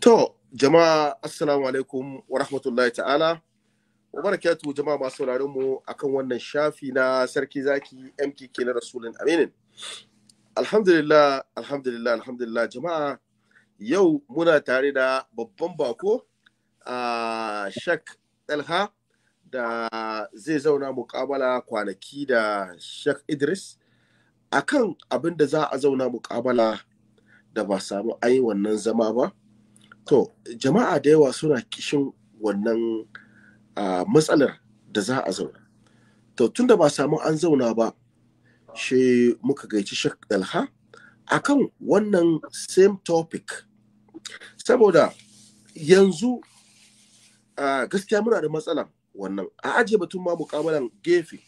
To, jama'a assalamu alaikum wa rahmatullahi ta'ala. Wa barakatuhu jama'a masu sauraron mu akan wannan shafi na sarki zaki MKK na Rasulun Aminin. Alhamdulillah, alhamdulillah, alhamdulillah jama'a yau muna tare da babban bako a Shak Dalha da zai zauna muƙabala kwanaki da Shak Idris akan abin da za a zauna muƙabala da ba samu ayi wannan zama ba. to jama'a da yawa suna kishin wannan matsalar da za a zauna to tun da ba samu an zauna ba shi muka gaici shi dalha akan wannan same topic saboda yanzu gaskiya muna da matsalan wannan a ajiye batun ma muƙamalan gefe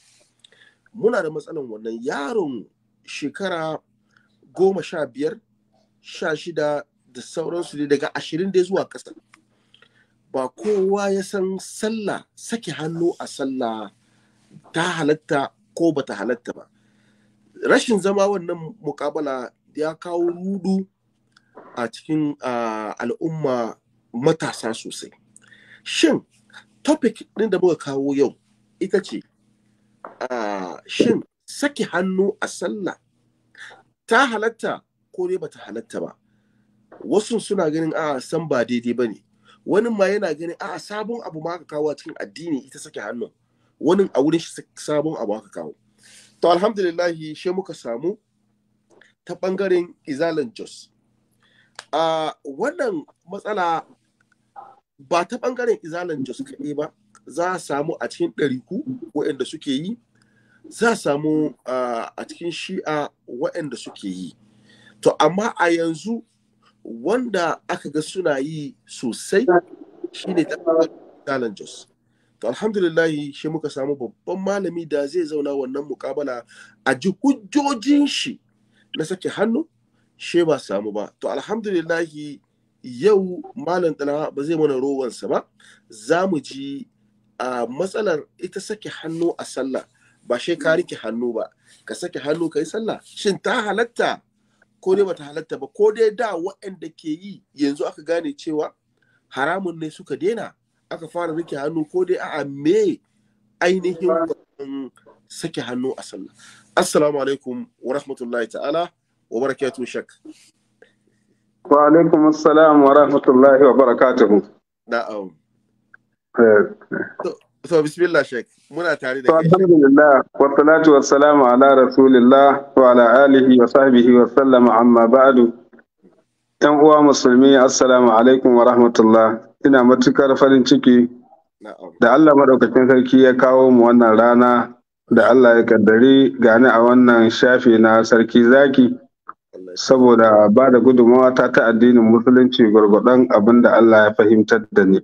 muna da matsalan wannan yaron shekara goma sha biyar sha shida da sauransu ne daga ashirin ya zuwa ƙasa ba kowa ya san sallah sake hannu a sallah ta halatta ko ba ta halatta ba rashin zama wannan mukabala ya kawo rudu a cikin al'umma matasa sosai shin topic ɗin da muka kawo yau ita ce shin sake hannu a sallah ta halatta ko dai ta halatta ba wasu suna ganin a san ba daidai ba ne wani ma yana ganin a sabon abu ma aka kawo cikin addini ita sake hannu. wani a wurin shi sabon abu aka kawo to alhamdulillahi shi muka samu ta bangaren izalan jos a wannan matsala ba ta bangaren izalan jos kaɗai ba za a samu a cikin ɗariku waɗanda suke yi za a samu a cikin shi'a waɗanda suke yi to amma a yanzu wanda aka ga suna yi sosai shine challenges to alhamdulillah shi muka samu babban malami da zai zauna wannan mukabala a ji hujjojin shi na sake hannu she ba samu ba to alhamdulillahi yau malam dana ba zai mana rowansa ba za mu ji a matsalar ita sake hannu a sallah ba shi ka rike hannu ba ka sake hannu ka yi sallah shin ta halatta ko dai bata halatta ba ko dai da waɗanda ke yi yanzu aka gane cewa haramun ne suka daina aka fara rike hannu ko dai a'a me ainihin sake hannu a sallah assalamu alaikum wa rahmatullahi ta'ala wa barakatuhu shak wa alaikum assalam wa rahmatullahi wa barakatuhu na'am eh. So bismillah Sheikh, muna tare da kai. Alhamdulillah, wa salatu wa salamu ala Rasulillah wa ala alihi wa sahbihi wa sallama amma ba'du. ‘Yan uwa musulmi, assalamu alaikum wa rahmatullah. Ina matukar farin ciki da Allah maɗaukacin sarki ya kawo mu wannan rana da Allah ya kaddari gani a wannan shafi na sarki zaki saboda ba da gudummawa ta ta addinin musulunci gwargwadon abin da Allah ya fahimtar da ni.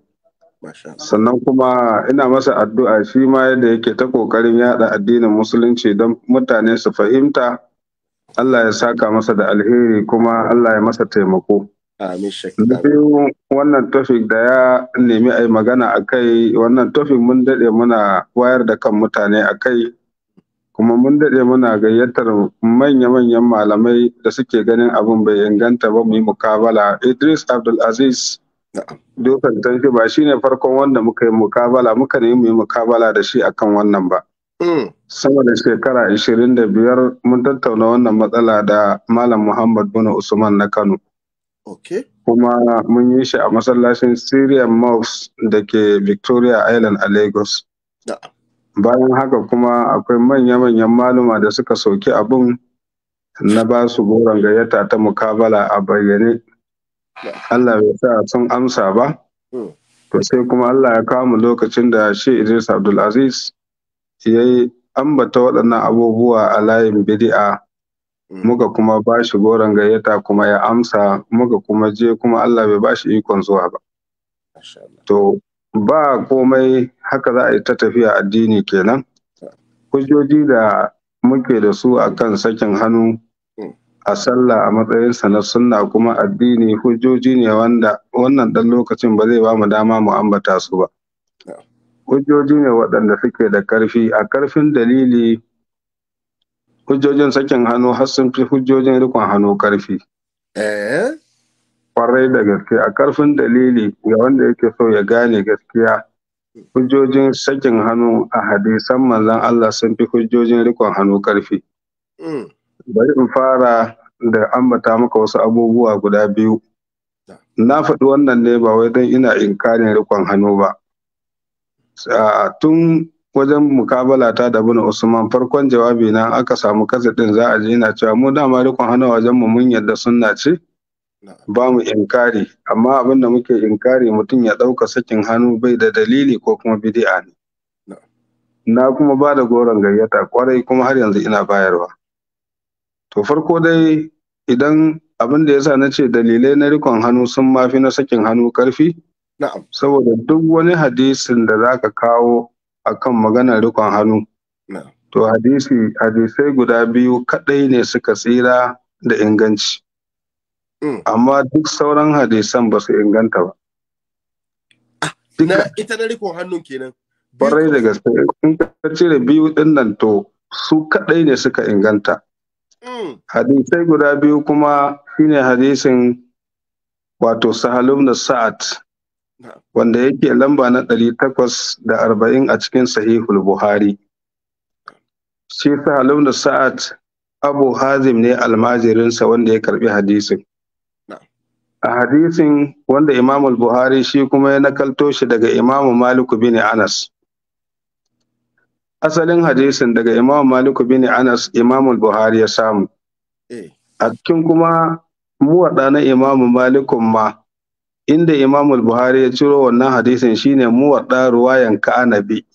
sannan kuma ina masa addu'a shi ma yadda yake ta kokarin yada addinin musulunci don mutane su fahimta Allah ya saka masa da alheri kuma Allah ya masa taimako biyu wannan tofik da ya nemi a yi magana a kai wannan tofik mun daɗe muna wayar da kan mutane a kai kuma mun daɗe muna gayyatar manya-manyan malamai da suke ganin abin bai inganta ba mu yi mukabala idris abdulaziz dokar tanki ba shi ne farkon wanda muka yi mukabala muka ne mu yi mukabala da shi akan wannan ba. Mm. Sama da shekara ashirin da biyar mun tattauna wannan matsala da Malam Muhammad bin Usman na Kano. Kuma mun yi shi a masallacin Syrian Mosque da ke Victoria Island a Lagos. Bayan haka kuma akwai manya-manyan maluma da suka sauki abin na ba su goron gayyata ta mukabala a bayyane. Allah bai sa sun amsa ba hmm. to sai kuma Allah ya kama lokacin da shi Idris Abdulaziz ya yi ambata waɗannan abubuwa a layin bidi'a hmm. muka kuma ba shi goron gayyata kuma ya amsa muka kuma je kuma Allah bai ba shi ikon zuwa ba to ba komai haka za a yi ta tafiya addini kenan hujjoji da muke da su akan sakin hannu a sallah a matsayinsa na sunna kuma addini hujjoji ne wanda wannan dan lokacin ba zai ba mu dama mu ambata su ba. Hujjoji ne waɗanda suke da ƙarfi a ƙarfin dalili hujjojin sakin hannu har sun fi hujjojin rikon hannu ƙarfi. Eh? Ƙwarai da gaske a ƙarfin dalili ga wanda yake so ya gane gaskiya hujjojin sakin hannu a hadisan manzon Allah sun fi hujjojin rikon hannu ƙarfi. Mm. bari in fara da ambata maka wasu abubuwa guda biyu na faɗi wannan ne ba wai don ina inkarin rikon hannu ba tun wajen mukabala ta da bin usman farkon jawabi na aka samu kasadin za a je ina cewa mu dama rikon hannu wajen mu mun yadda sunna ce ba mu inkari amma abin da muke inkari mutum ya ɗauka sakin hannu bai da dalili ko kuma bidi'a ne na kuma ba da goron gayyata kwarai kuma har yanzu ina bayarwa To farko dai idan abin da ya sa na ce dalilai na rikon hannu sun mafi na sakin hannu ƙarfi? Saboda duk wani hadisin da za ka kawo a kan maganar rikon hannu. To hadisi, hadisai guda biyu kaɗai ne suka tsira da inganci. Mm. Amma duk sauran hadisan ba su inganta ba. Ah, na ita na rikon hannun kenan. Barai da gaske, in ka cire biyu ɗin nan to su kaɗai ne suka inganta. hadisai guda biyu kuma shine hadisin wato sahalum da sa'ad wanda yake lamba na ɗari takwas da arba'in a cikin sahihul buhari shi sahalum da sa'ad abu hazim ne almajirinsa wanda ya karbi hadisin a hadisin wanda Imamul buhari shi kuma ya nakalto shi daga Imamu maliku bin anas asalin hadisin daga Imam Malik bin Anas Imam Buhari ya samu eh. a cikin kuma muwaɗa na Imam Malik ma inda Imam Buhari ya ciro wannan hadisin shine wada ruwayan anabi.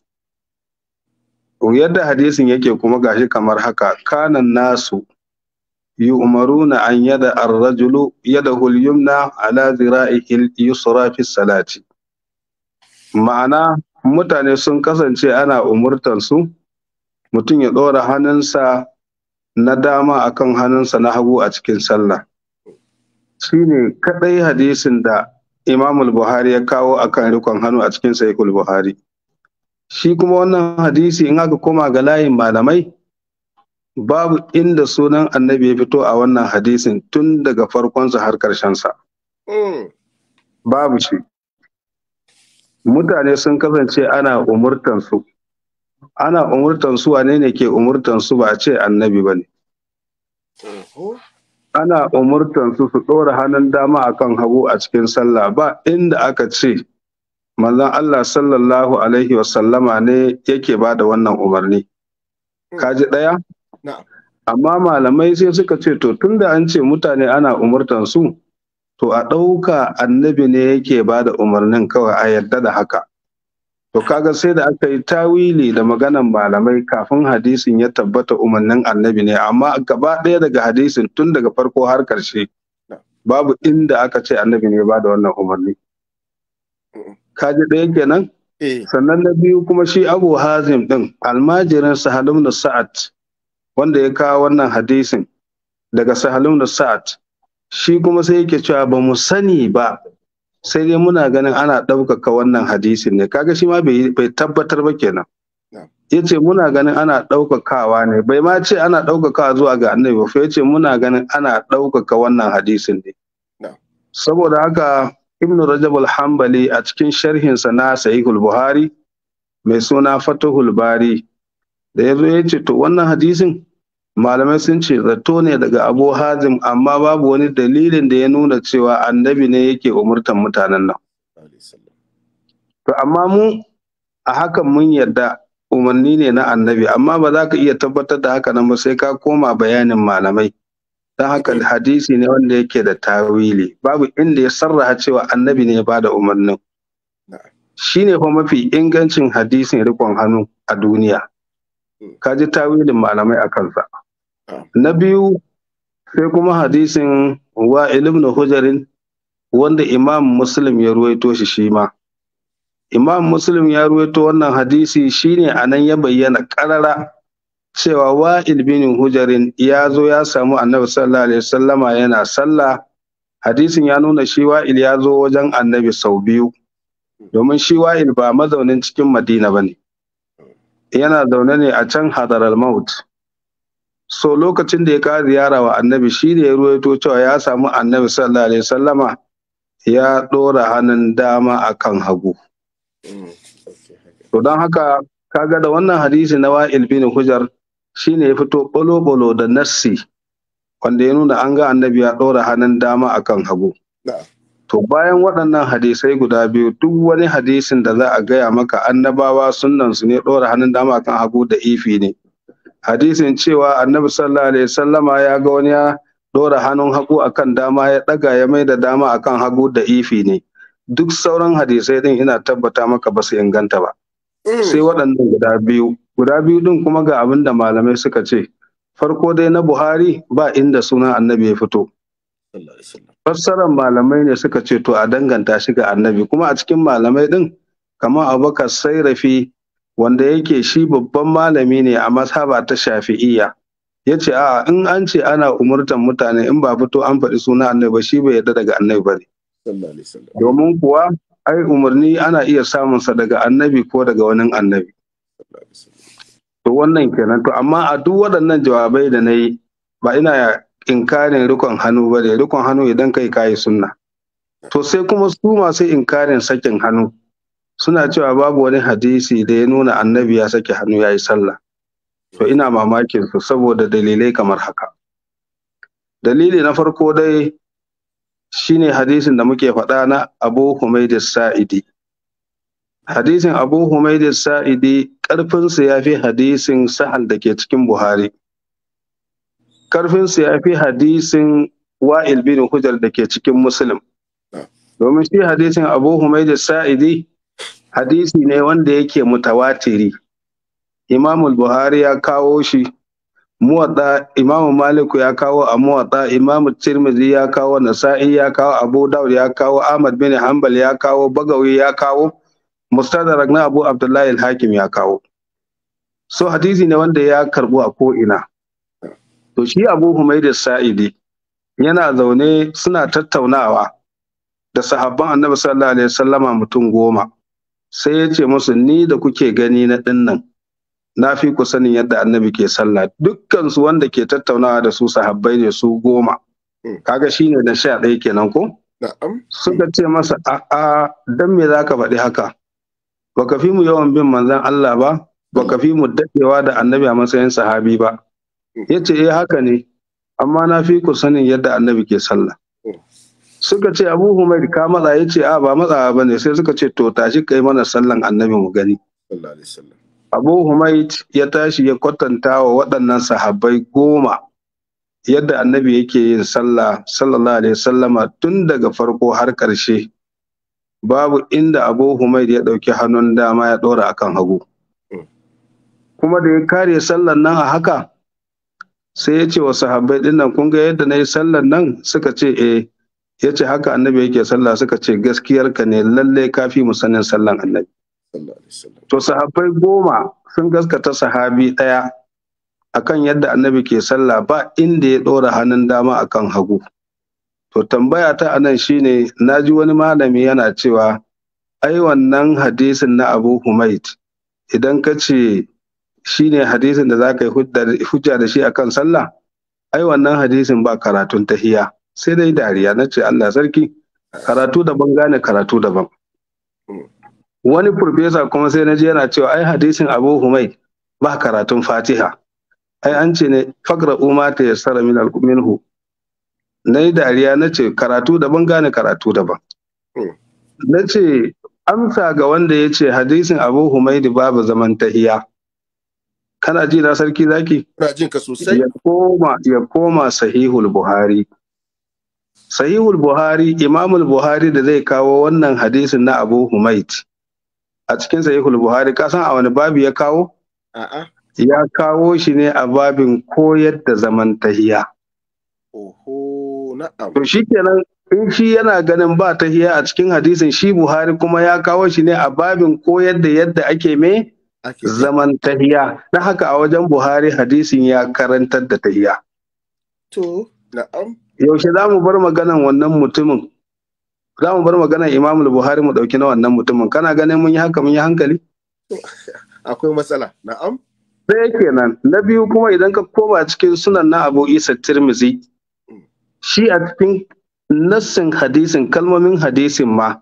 yadda hadisin yake kuma gashi kamar haka kanan nasu umaruna an yada ar-rajulu yadahu al-yumna ala zira'i al-yusra fi salati ma'ana mutane sun kasance ana umurtansu mutum ya ɗora hannunsa na dama akan hannunsa na hagu a cikin sallah shi ne kaɗai hadisin da imamul buhari ya kawo akan rikon hannu a cikin sahihul buhari shi kuma wannan hadisi in aka koma ga layin malamai babu inda sunan annabi ya fito a wannan hadisin tun daga farkonsa har ƙarshensa mm. babu shi mutane sun kasance ana umurtan su ana umurtan su wane ne ke umurtan ba a ce annabi ba ne ana umurtan su ɗora hannun dama akan hagu a cikin sallah ba inda aka ce manzon Allah sallallahu alaihi wasallama ne yake ba da wannan umarni kaji ɗaya amma malamai sai suka ce to tunda an ce mutane ana umurtan su to a ɗauka annabi ne yake ba da umarnin kawai a yarda da haka to kaga sai da aka yi tawili da maganan malamai kafin hadisin ya tabbata umarnin annabi ne amma gaba ɗaya daga hadisin tun daga farko har ƙarshe babu inda aka ce annabi ne ba da wannan umarni kaji ɗaya kenan eh. sannan na biyu kuma shi abu hazim ɗin almajirin sahalum da sa'ad wanda ya kawo wannan hadisin daga sahalum da sa'ad shi kuma sai yake cewa ba mu sani ba sai dai muna ganin ana ɗaukaka wannan hadisin ne kaga shi ma bai tabbatar ba kenan ya ce muna ganin ana ɗaukakawa ne bai ma ce ana ɗaukakawa zuwa ga annabi ba ya ce muna ganin ana ɗaukaka wannan hadisin ne saboda haka ibnu rajab al-hanbali a cikin sharhinsa na sahihul buhari mai suna fatahul bari da ya zo ya ce to wannan hadisin Malamai sun ce zato ne daga Abu Hazim amma babu wani dalilin da ya nuna cewa annabi ne yake umurtan mutanen nan. To amma mu a hakan mun yarda umarni ne na annabi amma ba za ka iya tabbatar da haka nan ba sai ka koma bayanin malamai. Don haka hadisi ne wanda yake da tawili babu inda ya sarraha cewa annabi ne ya bada umarnin. Shi ne fa mafi ingancin hadisin rikon hannu a duniya. Ka ji tawilin malamai a kansa. na biyu sai kuma hadisin wa ilimin hujarin wanda imam muslim ya ruwaito shi shi ma imam muslim ya ruwaito wannan hadisi shine anan ya bayyana karara cewa wa ilimin hujarin ya zo ya samu annabi sallallahu alaihi wasallama yana sallah hadisin ya nuna shi wa'il ya zo wajen annabi sau biyu domin shi wa'il ba mazaunin cikin madina ba ne yana zaune ne a can hadar al maut so lokacin da ya kawo ziyara wa annabi shi ne ya ruwaito cewa ya samu annabi sallallahu alaihi sallama ya ɗora hannun dama akan hagu to don haka kaga da wannan hadisi na wa'il bin hujar ne ya fito bolo-bolo da nassi wanda ya nuna an ga annabi ya ɗora hannun dama akan hagu to bayan waɗannan hadisai guda biyu duk wani hadisin da za a gaya maka annabawa su ne ɗora hannun dama akan hagu da ifi ne hadisin cewa annabi sallallahu alaihi sallama ya ga wani ya dora hannun hagu akan dama ya daga ya mai da dama akan hagu da ifi ne duk sauran hadisai din ina tabbata maka ba su inganta ba eh. sai waɗannan guda biyu guda biyu din kuma ga abin da malamai suka ce farko dai na buhari ba inda sunan annabi ya fito fassarar malamai ne suka ce to a danganta shi ga annabi kuma a cikin malamai din kamar abubakar sairafi wanda yake shi babban malami ne a mashaba ta shafi'iyya ya ce a in an ce ana umurtan mutane in ba fito an faɗi suna annabi ba shi bai yarda daga annabi ba ne domin kuwa ai umarni ana iya samunsa daga annabi ko daga wani annabi to wannan kenan to amma a duk waɗannan jawabai da na yi ba ina inkarin rikon hannu ba ne rikon hannu idan kai kayi sunna to sai kuma su masu inkarin sakin hannu suna cewa babu wani hadisi da ya nuna annabi ya sake hannu ya yi sallah to ina mamakin su saboda dalilai kamar haka dalili na farko dai shine hadisin da muke faɗa na abu humaydi sa'idi hadisin abu humaydi sa'idi ƙarfinsu ya fi hadisin sahal da ke cikin buhari Ƙarfinsu ya fi hadisin wa'il bin hujjar da ke cikin muslim ah. domin shi hadisin abu humaydi sa'idi hadisi ne wanda yake mutawatiri imamul buhari ya kawo shi muwadda Imam maliku ya kawo a muwadda imam tirmidhi ya kawo nasa'i ya kawo abu daud ya kawo ahmad bin hanbal ya kawo bagawi ya kawo mustadrak na abu abdullahi al-hakim ya kawo so hadisi ne wanda ya karbu a ina. to shi abu humaid sa'idi yana zaune suna tattaunawa da sahabban annabi sallallahu alaihi wasallama mutum goma sai ya ce musu ni da kuke gani na dinnan na fi ku sanin yadda annabi ke sallah dukkansu wanda ke tattaunawa da su sahabbai ne su goma hmm. kaga shi ne da sha ɗaya kenan ko suka ce masa a'a dan me za ka faɗi haka baka fi mu yawan bin manzon Allah ba baka fi mu dadewa da annabi a matsayin sahabi ba hmm. ce eh haka ne amma na fi ku sanin yadda annabi ke sallah suka ce abu ka matsa ya ce a ba matsawa ba ne sai suka ce to tashi kai mana sallan annabi mu gani abu ya tashi ya kwatanta wa waɗannan sahabbai goma yadda annabi yake yin sallah sallallahu alaihi sallama tun daga farko har ƙarshe babu inda abu ya ɗauki hannun dama ya ɗora akan hagu hmm. kuma da ya kare sallan nan a haka sai ya ce wa sahabbai ɗinnan kun ga yadda na yi sallan nan suka ce eh ya ce haka annabi yake sallah suka ce gaskiyarka ne lalle kafi mu sanin sallan annabi to sahabbai goma sun gaskata sahabi ɗaya akan yadda annabi ke sallah ba inda ya ɗora hannun dama akan hagu to tambaya ta anan shine naji wani malami yana cewa ai wannan hadisin na abu humaid idan ka ce shine hadisin da za ka yi hujja da shi akan sallah ai wannan hadisin ba karatun tahiya sai dai dariya na ce Allah sarki karatu daban gane karatu daban wani profesa kuma sai na ji yana cewa ai hadisin abu humai ba karatun fatiha ai an ce ne fagra umma ta yassara min minhu na yi dariya na ce karatu daban gane karatu daban na ce amsa ga wanda ya ce hadisin abu da babu zaman tahiya kana ji na sarki zaki? jin ka sosai. Ya koma, ya koma sahihul Buhari. sahihul buhari imamul buhari da zai kawo wannan hadisin na abu humait a cikin sahihul buhari ka san a wani babu ya kawo ya kawo shi ne a babin koyar da zaman tahiya oho na'am to in shi yana ganin ba tahiya a cikin hadisin shi buhari kuma ya kawo shi ne a babin koyar da yadda ake me zaman tahiya na haka a wajen buhari hadisin ya karantar da tahiya to na'am yaushe za mu bar maganan wannan mutumin za mu bar maganan buhari mu ɗauki na wannan mutumin kana ganin mun yi haka mun yi hankali akwai matsala na'am sai kenan na biyu kuma idan ka koma cikin sunan na abu isa tirmizi mm. shi a cikin nassin hadisin kalmomin hadisin ma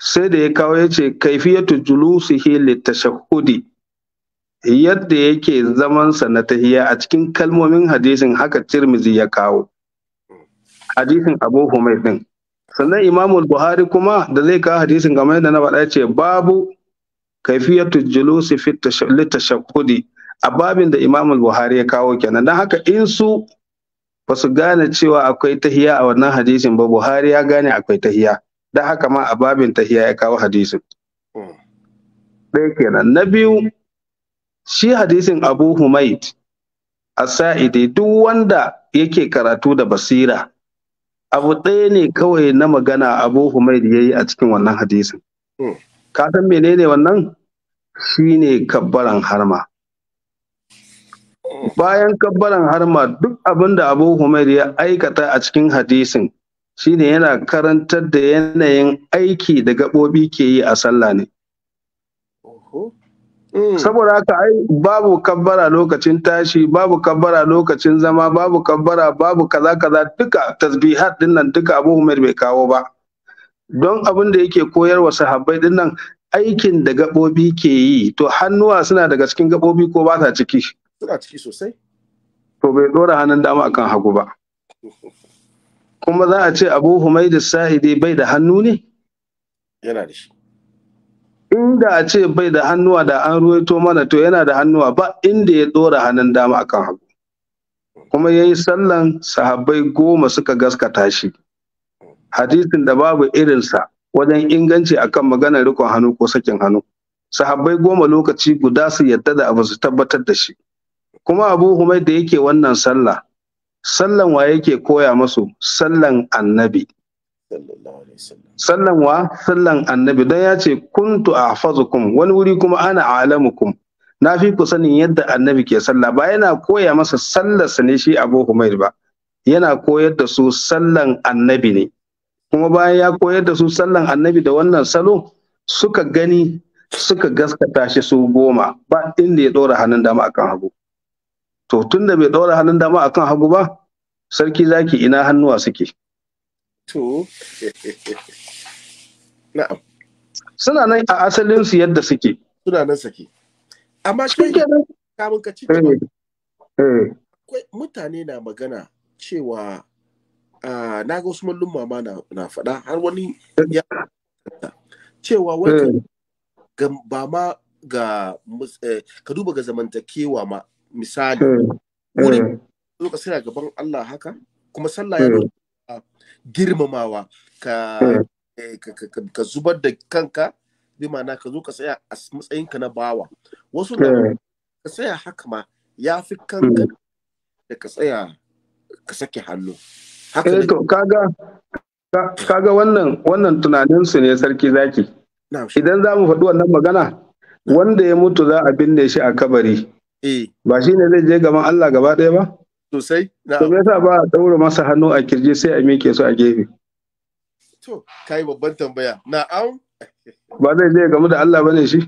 sai da ya kawo ya ce kaifiyatu julusihi tashahudi. yadda yake zamansa na tahiya a cikin kalmomin hadisin haka tirmizi ya kawo hadisin abu humayr din sannan imamul buhari kuma da zai kawo hadisin game da na faɗa ce babu kaifiyatu julusi fi litashahhudi a babin da imamul buhari ya kawo kenan dan haka in su ba su gane cewa akwai tahiya a wannan hadisin ba buhari ya gane akwai tahiya dan haka ma a babin tahiya ya kawo hadisin ɗaya kenan na biyu shi hadisin abu humaid a sa'idi duk wanda yake karatu da basira abu ɗaya ne kawai na magana abu humaid ya yi a cikin wannan hadisin hmm. ka san menene wannan shi ne kabbaran harma hmm. bayan kabbaran harma duk abin da abu humaid ya aikata a cikin hadisin ne yana karantar da yanayin aiki da gaɓoɓi ke yi a sallah ne Mm. saboda haka ai babu kabbara lokacin tashi babu kabbara lokacin zama babu kabbara babu kaza kaza duka tasbihat din nan duka Abu Umar bai kawo ba don abin da yake koyarwa sahabbai din nan aikin da gabobi ke yi to hannuwa suna daga cikin gabobi ko ba ta ciki suna ciki sosai to bai dora hannun dama akan hagu ba kuma za a ce Abu Humaid Sa'idi bai da hannu ne yana da shi inda a ce bai da hannuwa da an ruwaito mana to yana da hannuwa ba inda ya dora hannun dama akan hagu kuma ya yi sallan sahabbai goma suka gaskata shi hadisin da babu irinsa wajen inganci akan maganar rikon hannu ko sakin hannu sahabbai goma lokaci guda su yadda da abu su tabbatar da shi kuma abu humai da yake wannan sallah sallan wa yake koya masu sallan annabi sallan wa sallan annabi don ya ce kuntu a fazukum wani wuri kuma ana alamukum na fi ku sanin yadda annabi ke sallah ba yana koya masa sallarsa ne shi abu humair ba yana koyar da su sallan annabi ne kuma bayan ya koyar da su sallan annabi da wannan salo suka gani suka gaskata shi su goma ba inda ya ɗora hannun dama akan hagu to tunda bai ɗora hannun dama akan hagu ba sarki zaki ina hannuwa suke To. Na'am. Suna nan a asalin su yadda suke. Suna nan suke Amma shi kamun ka ci eh, eh. Akwai mutane na magana cewa na ga wasu mallum mama na faɗa har wani ya cewa wai eh. ba ma ga ka duba ga zamantakewa ma misali wurin suna gaban Allah haka kuma sallah ya girmamawa hmm. eh, ka ka zubar da kanka bi ma'ana ka zo ka tsaya a matsayinka na bawa wasu da hmm. ka tsaya haka ma ya fi kanka hmm. da ka tsaya ka sake hannu kaga eh, kaga wannan wannan tunaninsu ne sarki zaki idan za mu faɗi wannan magana wanda ya mutu za a binne shi a kabari eh. ba shi ne zai je gaban Allah gaba ɗaya ba sosai to me yasa ba a daura masa hannu a kirje sai a miƙe su a gefe to kai babban tambaya na'am ba zai je game da Allah bane shi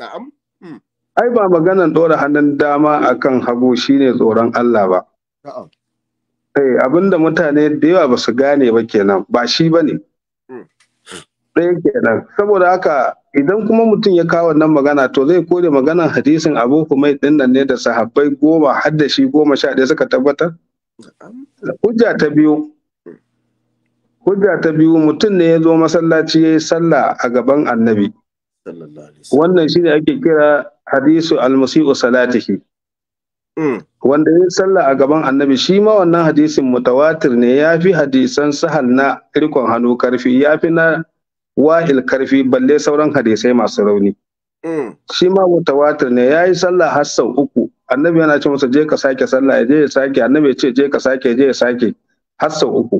na'am hmm. ai ba maganan ɗora hannun dama akan hagu shine tsoron Allah ba na'am eh abinda mutane da yawa ba su gane ba kenan ba shi bane ɗaya kenan saboda haka idan kuma mutum ya kawo wannan magana to zai kore maganan hadisin abu humai din nan ne da sahabbai goma har da shi goma sha ɗaya suka tabbatar hujja ta biyu hujja ta biyu mutum ne ya zo masallaci ya yi sallah a gaban annabi wannan shi ne ake kira hadisu almusi'u salatihi mm. wanda ya sallah a gaban annabi shi ma wannan hadisin mutawatir ne ya fi hadisan sahal na rikon hannu karfi ya fi na wahil karfi balle sauran hadisai masu rauni mm. shi ma mutawatir ne ya yi sallah har sau uku annabi yana ce masa je ka sake sallah ya je ya sake annabi ya ce je ka sake je ya sake har sau uku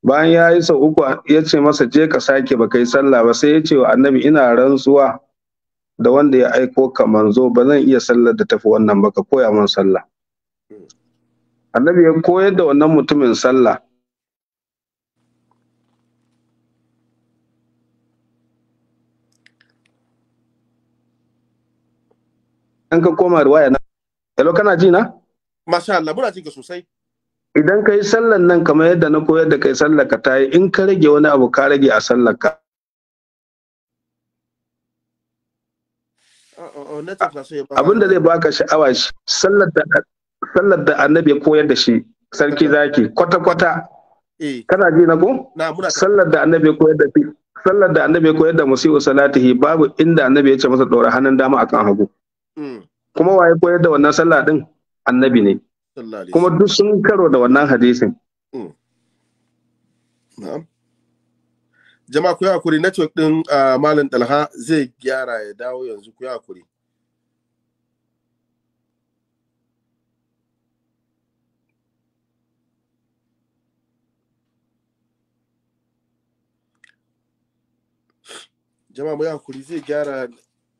bayan ya yi sau uku ya ce masa je ka sake ba kai sallah ba sai ya ce wa annabi ina rantsuwa da wanda ya aiko ka manzo ba zan iya sallar da tafi wannan ba ka koya min sallah mm. annabi ya koyar da wannan mutumin sallah idan ka koma waya na hello kana ji na masha Allah muna jin ka sosai idan ka yi sallan nan kamar yadda na koyar da kai sallar ka ta yi in ka rage wani abu ka rage a sallar ka oh, oh, oh, abin da zai baka sha'awa shi sallar da sallar da annabi ya koyar da shi sarki zaki kwata kwata eh. kana ji na ko sallar da annabi ya koyar da shi sallar da annabi ya koyar da musiu salatihi babu inda annabi ya ce masa dora hannun dama akan hagu kuma waye koyar da wannan sallah din annabi ne kuma duk sun karo da wannan hadisin mm. jama'a ku yi hakuri network din ah, malam dalha zai gyara ya dawo yanzu ku yi hakuri jama'a mu yi hakuri zai gyara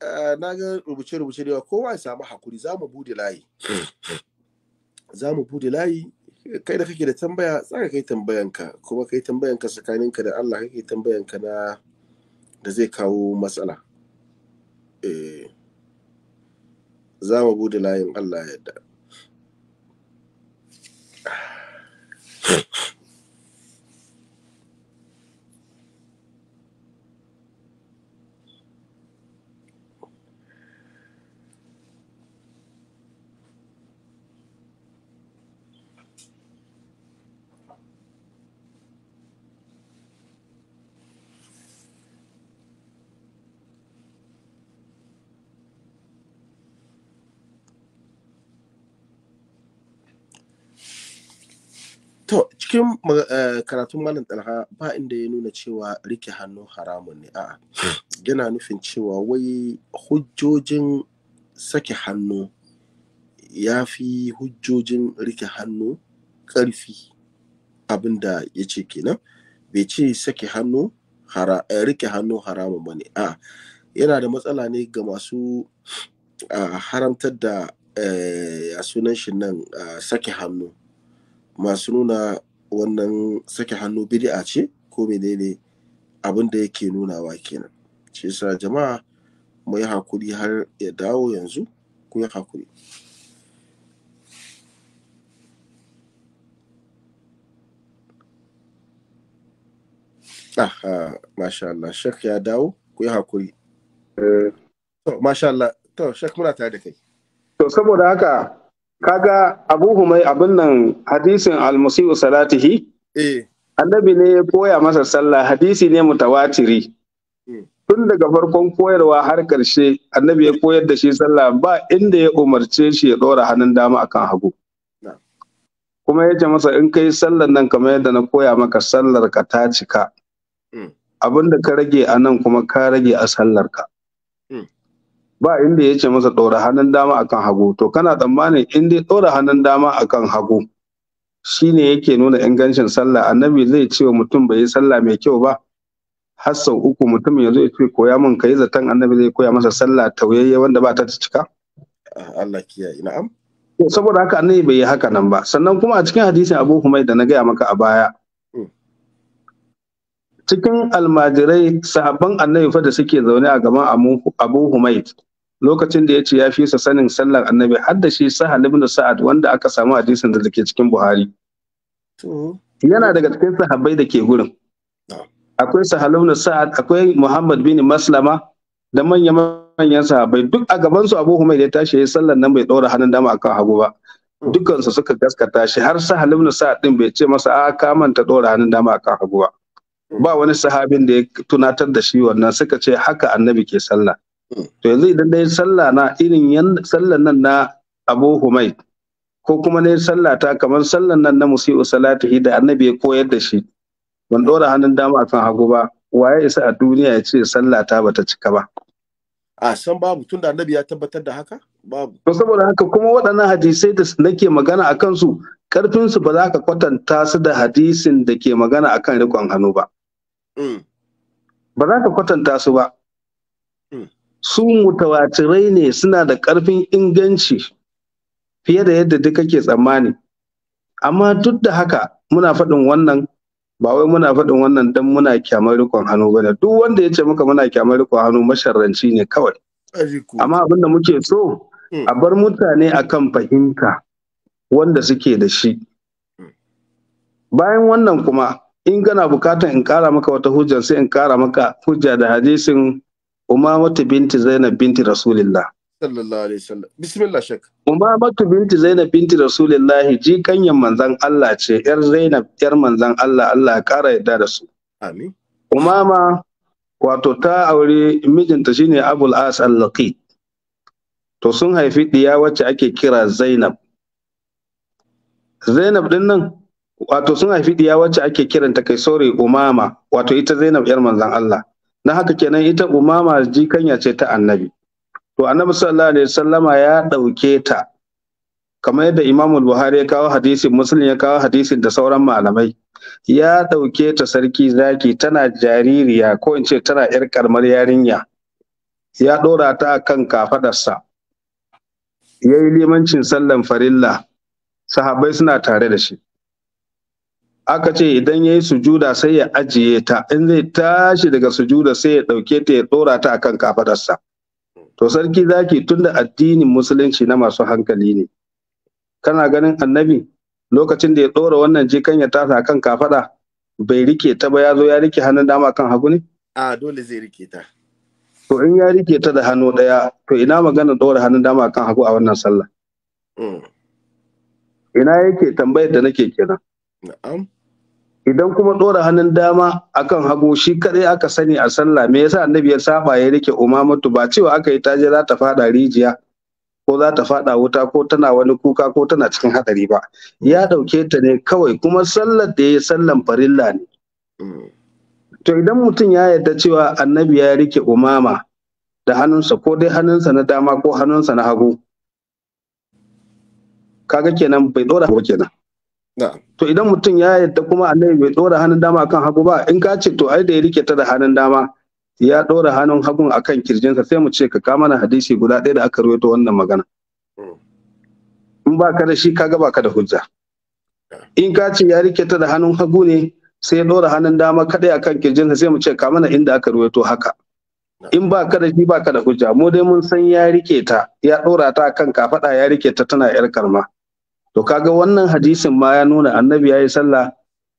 Eh, na ga rubuce-rubuce da kowa ya samu hakuri za mu bude layi za mu bude layi kai da kake da tambaya tsaka kai tambayanka kuma kai tambayanka tsakaninka da Allah kake tambayanka na da zai kawo matsala eh za mu bude layin Allah yadda cikin eh, karatun malam ɗalha ba inda ya nuna cewa rike hannu haramun ne a'a yana nufin cewa wai hujjojin sake hannu ya fi hujjojin rike hannu ƙarfi abinda ya ce kenan bai ce sake hannu eh, rike hannu haramun ba ne a yana da matsala ne ga masu haramtar da a eh, sunan shi nan sake hannu masu nuna wannan sake hannu bid'a ce ko menene abin da yake nunawa kenan shi yasa jama'a mu yi hakuri har ya dawo yanzu ku yi hakuri Aha, masha Allah, Shek ya dawo, ku yi hakuri. Eh. To, masha Allah, to, Shek muna tare da kai. To, saboda haka, kaga abu humai abin nan hadisin almusiu salatihi eh annabi ne ya koya masa sallah hadisi ne mutawatiri eh. tun daga farkon koyarwa har karshe annabi ya koyar da shi sallah ba inda ya umarce shi ya ɗora hannun dama akan hagu kuma ya masa in kai sallar nan kamar yadda na koya maka sallar ka ta cika hmm. abin da ka rage a nan kuma ka rage a sallar ka ba inda ya ce masa ɗora hannun dama akan hagu to kana tsammanin in dai ɗora hannun dama akan hagu shine yake nuna ingancin sallah annabi zai ce wa mutum bai yi sallah mai kyau ba har sau uku mutum ya zo ya ce koya min kai zaton annabi zai koya masa sallah tauyayye wanda ba ta cika ah, Allah kiyaye na'am saboda haka annabi bai yi haka nan ba sannan kuma a cikin hadisin Abu Humaid da na gaya maka a baya hmm. cikin almajirai sahabban annabi fa da suke zaune a gaban Abu Humaid lokacin da ya ce ya fi sa sanin sallar annabi har da shi sahal ibn sa'ad wanda aka samu hadisin da ke cikin buhari yana daga cikin sahabbai da ke gurin akwai sahal ibn sa'ad akwai muhammad bin maslama da manyan manyan sahabbai duk a gaban su abu da ya tashi ya sallar nan bai ɗora hannun dama akan hagu ba dukansu suka gaskata shi har sahal ibn sa'ad din bai ce masa a ka manta ɗora hannun dama akan hagu ba ba wani sahabin da ya tunatar da shi wannan suka ce haka annabi ke sallah to yanzu idan na sallah na irin sallan nan na abu humaid ko kuma na sallah ta kamar sallan nan na musi'u Salatu da annabi ya koyar da shi ban ɗora hannun dama akan hagu ba waye isa a duniya ya ce sallah ta bata cika ba a san babu tunda annabi ya tabbatar da haka babu to saboda haka kuma waɗannan hadisai da nake magana akan su karfin su ba za ka kwatanta su da hadisin da ke magana akan rikon hannu ba mm. ba za ka kwatanta su ba su mutawatirai ne suna da ƙarfin inganci fiye da yadda duk kake tsammani amma duk da haka muna faɗin wannan ba wai muna faɗin wannan don muna kyamar rikon hannu ba duk wanda ya ce muka muna kyamar rikon hannu masharranci ne kawai amma abin da muke so hmm. a bar mutane a kan fahimta wanda suke da shi hmm. bayan wannan kuma in gana bukatar in kara maka wata hujja sai in kara maka hujja da hadisin umamatu binti zainab binti rasulillah sallallahu alaihi wasallam bismillah shek umamatu binti zainab binti rasulillah ji kanyan manzan Allah ce yar zainab yar manzan Allah Allah ya kara yadda da su amin umama wato ta aure mijinta shine abul as al-laqit to sun haifi diya wacce ake kira zainab zainab din nan wato sun haifi diya wacce ake kiranta kai sore umama wato ita zainab yar manzan Allah na haka kenan ita umama jikanya ce ta annabi to annabi sallallahu alaihi wasallama ya ɗauke ta kamar yadda imamu buhari ya kawo hadisin muslim ya kawo hadisin da sauran malamai ya ɗauke ta sarki zaki tana jaririya ko in ce tana yar karmar yarinya ya dora ta a kan kafaɗarsa ya yi limancin sallan farilla sahabbai suna tare da shi aka ce idan ya yi sujuda sai ya ajiye ta in zai tashi daga sujuda sai ya ɗauke ta ya ɗora ta akan kafadarsa to sarki zaki tunda addinin musulunci na masu hankali ne kana ganin annabi lokacin da ya ɗora wannan jikan ya tasa akan kafada bai rike ta ba ya zo ya rike hannun dama kan hagu ne a dole zai rike ta to in ya rike ta da hannu ɗaya to ina magana ɗora hannun dama kan hagu a wannan sallah mm. ina yake tambayar da nake kenan Na'am. idan kuma ɗora hannun dama akan hagu shi kadai aka sani a sallah me yasa annabi ya saba ya rike umamatu ba cewa aka yi taje za ta fada rijiya ko za ta fada wuta ko tana wani kuka ko tana cikin hadari ba ya dauke ta ne kawai kuma sallar da ya sallan farilla ne to idan mutum ya yarda cewa annabi ya rike umama da hannunsa ko dai hannunsa na dama ko hannunsa na hagu kaga kenan bai dora ba kenan to idan mutum ya yadda kuma annabi bai ɗora hannun dama akan hagu ba in ka ce to ai da ya rike ta da hannun dama ya ɗora hannun hagun akan kirjinsa sai mu ce ka kama na hadisi guda ɗaya da aka rawaito wannan magana hmm. in ba ka da shi ka gaba ka da hujja in ka ce ya rike ta da hannun hagu ne sai ya ɗora hannun dama kaɗai akan kirjinsa sai mu ce kama na inda aka rawaito haka in ba ka da shi ba ka da hujja mu dai mun san ya rike ta ya ɗora ta akan kafaɗa ya rike ta tana yar karma to kaga wannan hadisin ma ya nuna annabi ya yi sallah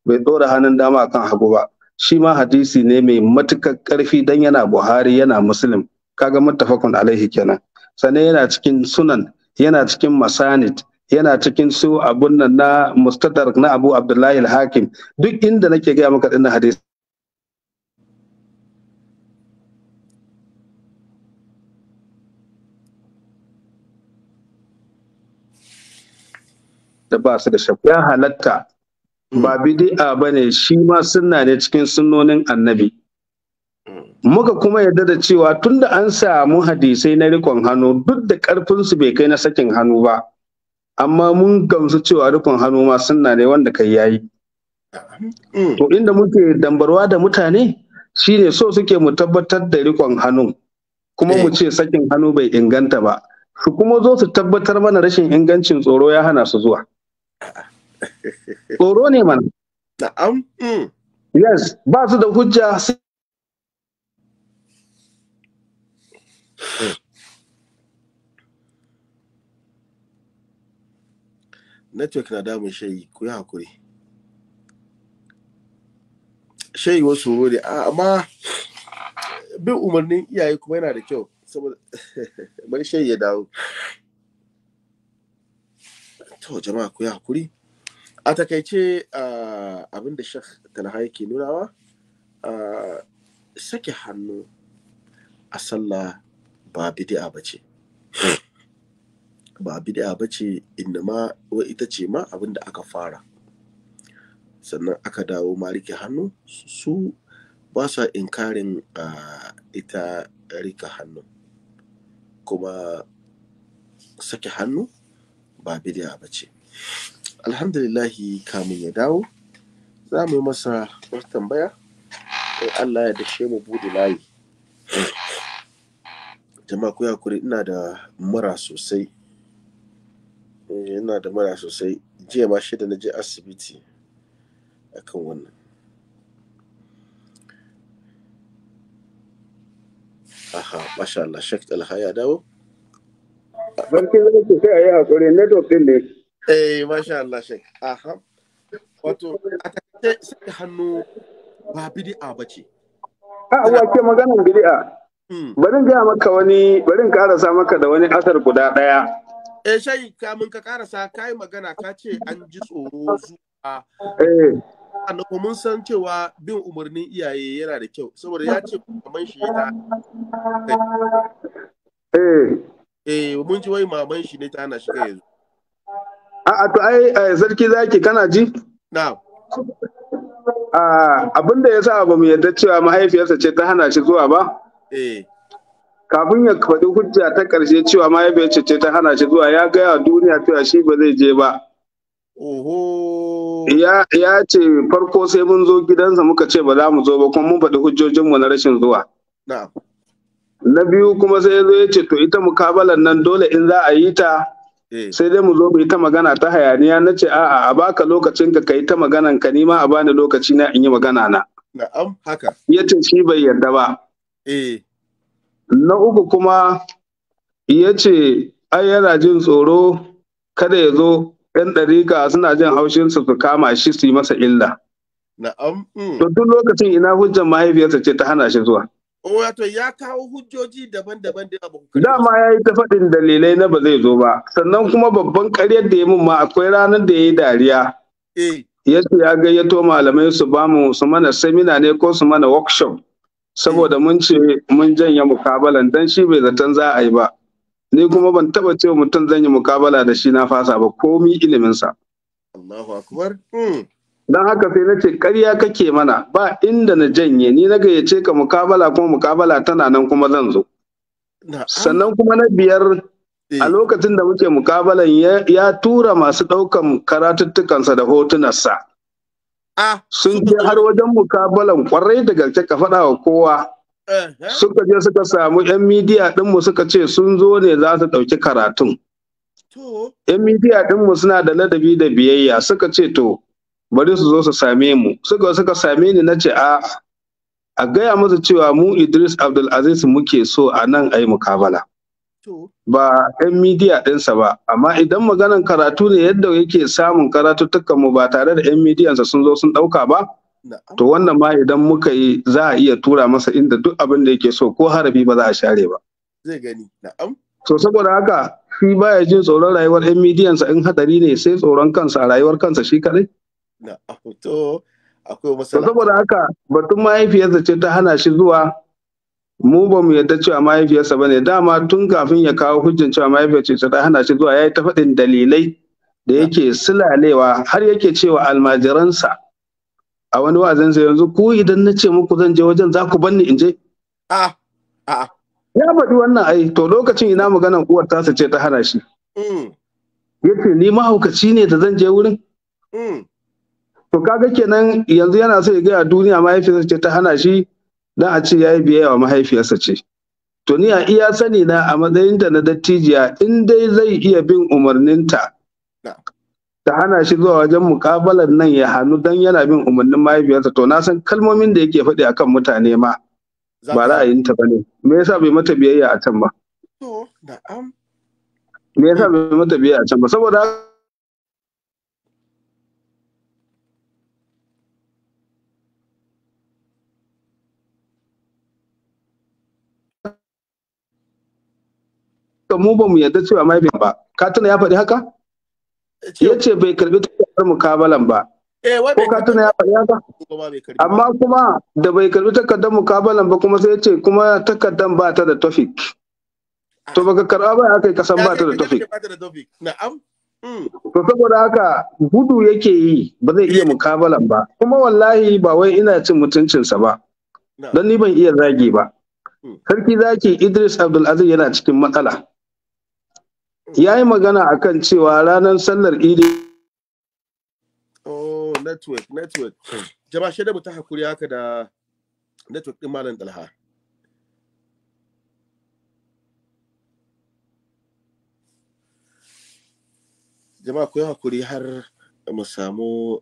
bai ɗora hannun dama akan hagu ba shi ma hadisi ne mai matukar ƙarfi dan yana buhari yana muslim kaga muttafaqun alaihi kenan Sane yana cikin sunan yana cikin masanit, yana cikin su abun nan na mustadrak na abu abdullahi al-hakim duk inda nake gaya maka dinnan hadisi da ba su da shakku halatta ba hmm. bid'a ne. shi ma sunna ne cikin sunnonin annabi hmm. muka kuma yarda da cewa tunda an samu hadisai na rikon hannu duk da ƙarfinsu bai kai na sakin hannu ba amma mun gamsu cewa rikon hannu ma suna ne wanda kai yayi hmm. to inda muke dambarwa da mutane shine so suke mu tabbatar da rikon hannun kuma mu eh. ce sakin hannu bai inganta ba su kuma zo su tabbatar mana rashin ingancin tsoro ya hana su zuwa Tsoro ne mana. Na'am. Mm. Yes, ba su da hujja mm. Network na damun shayi, ku yi hakuri. Shayi wasu wuri amma bin umarnin iyaye kuma yana da kyau, saboda bari shayi ya dawo. to jama'a ku yi hakuri a takaice abin da shek talha yake nunawa sake hannu a sallah ba bid'a ba ce ba bid'a ba ce inda ma wa ita ce ma abin da aka fara sannan aka dawo ma rike hannu su ba sa inkarin ita rika hannu kuma sake hannu ba bidiya ba ce alhamdulillahi kamun ya dawo za mu yi masa wata tambaya kai allah ya dashe mu budu layi jama'a ku kuri ina da mura sosai eh, ina da mura sosai jiya ma shida na je asibiti akan wannan aha masha Allah shek alha ya dawo Barki zai ce sai a yi haƙuri network ɗin ne. Eh, masha Allah shek. Aha. Wato, a takaice saka hannu ba bidi'a ba ce. A ke maganin bidi'a. Hmm. Bari gaya maka wani, bari karasa maka da wani asar guda ɗaya. Eh, shayi, kamun ka karasa, ka yi magana, ka ce an ji tsoro zuwa. Eh. kuma mun san cewa bin umarnin iyaye yana da kyau, saboda ya ce kamar shi yana. Eh. eh mun ji wai maman shi ne tana shiga yanzu a'a to ai eh, sarki zaki kana ji na'am abin da ya sa ba mu yadda cewa mahaifiyarsa ce ta hana shi zuwa ba eh. kafin ya faɗi hujja ta ƙarshe cewa mahaifiyarsa ce ta hana shi zuwa ya gaya duniya cewa shi ba zai je ba ya ce farko sai mun zo gidansa muka ce ba za mu zo ba kuma mun faɗi hujjojinmu na rashin zuwa na biyu kuma sai ya zo ya ce to ita mukabalan nan dole in za a yi ta eh. sai dai mu zo mu yi ta magana ta hayaniya na ce a'a a baka lokacin ka kai ta maganan ka nima a bani lokaci na in yi magana na ya ce shi bai yarda ba eh. na uku kuma ya ce ai yana jin tsoro kada ya zo yan ɗarika suna jin haushin su su kama shi su yi masa illa na'am mm. to duk lokacin ina hujjan mahaifiyarsa ce ta hana shi zuwa wato ya kawo hujjoji daban-daban da abu dama ya yi ta faɗin dalilai na ba zai zo ba sannan kuma babban ƙaryar da ya mun ma akwai ranar da ya yi dariya eh. ya ya gayyato malamai su ba mu su mana semina ne ko su mana workshop saboda mun ce mun janye mukabalan dan shi bai zaton za a yi ba ni kuma ban taba ce mutum zan yi mukabala da shi na fasa ba komi iliminsa Allahu akbar hmm. don haka sai na ce ƙarya kake mana ba inda na janye ni na gayyace ka mukabala kuma mukabala tana nan kuma zan zo sannan kuma na biyar eh. a lokacin da muke mukabalan ya tura masu ɗaukan karatuttukansa da hotunansa ah, sun je har wajen mukabalan kwarai da gaske ka faɗa wa kowa suka je suka samu 'yan midiya ɗinmu suka ce sun zo ne za su ɗauki karatun 'yan midiya ɗinmu suna da ladabi da biyayya suka ce to bari su zo su same mu suka suka same ni na ce a a gaya masa cewa mu Idris Abdulaziz muke so a nan ayi mukabala ba ɗan midiya ɗinsa ba amma idan maganan karatu ne yadda yake samun karatuttukan mu ba tare da 'yan midiyansa sun zo sun ɗauka ba to wannan ma idan muka yi za a iya tura masa inda duk abin da yake so ko harafi ba za a share ba zai gani na'am so saboda haka shi baya jin tsoron rayuwar 'yan midiyansa in hadari ne sai tsoron kansa a rayuwar kansa shi kaɗai na akwai saboda haka batun mahaifiyarsa ce ta hana shi zuwa mu ba mu yadda cewa mahaifiyarsa bane dama tun kafin ya kawo hujjan cewa mahaifiyarsa ce ta hana shi zuwa yayi ta faɗin dalilai da yake sulalewa har yake cewa almajiransa a wani wazan sai yanzu ku idan na ce muku zan je wajen za ku banni in je a a ya faɗi wannan ai to lokacin ina maganan uwar tasa ce ta hana shi mm. yace ni mahaukaci ne da zan je wurin mm. to kaga kenan yanzu yana so ya gaya duniya mahaifiyarsa ce ta hana shi dan a ce yayi biyayya wa mahaifiyarsa ce to ni a iya sani na a matsayinta na dattijiya in dai zai iya bin umarninta ta hana shi zuwa wajen mukabalar nan ya hannu dan yana bin umarnin mahaifiyarsa to na san kalmomin da yake faɗi akan mutane ma ba ra'ayinta bane me yasa bai mata biyayya a can ba me yasa bai mata biyayya a can ba saboda haka mu ba mu yarda cewa mahaifin ba ka tuna ya faɗi haka ya ce bai karbi takardar mukabalan ba eh, ko ka tuna ya faɗi haka amma kuma da bai karbi takardar mukabalan ba kuma sai ya ce kuma takardar ba ta da tofik to baka karba ba ya kai kasan ba ta da tofik hmm. To saboda haka gudu yake yi ba zai iya mukabalan ba kuma wallahi ba wai ina cin mutuncinsa ba don ni ban iya zagi ba hmm. sarki zaki Idris Abdulaziz yana cikin matsala ya yi magana a kan cewa ranar sallar idi oh network network jama shi da mu ta haƙuri haka da network ɗin malam dalha jama ku yi haƙuri har mu samu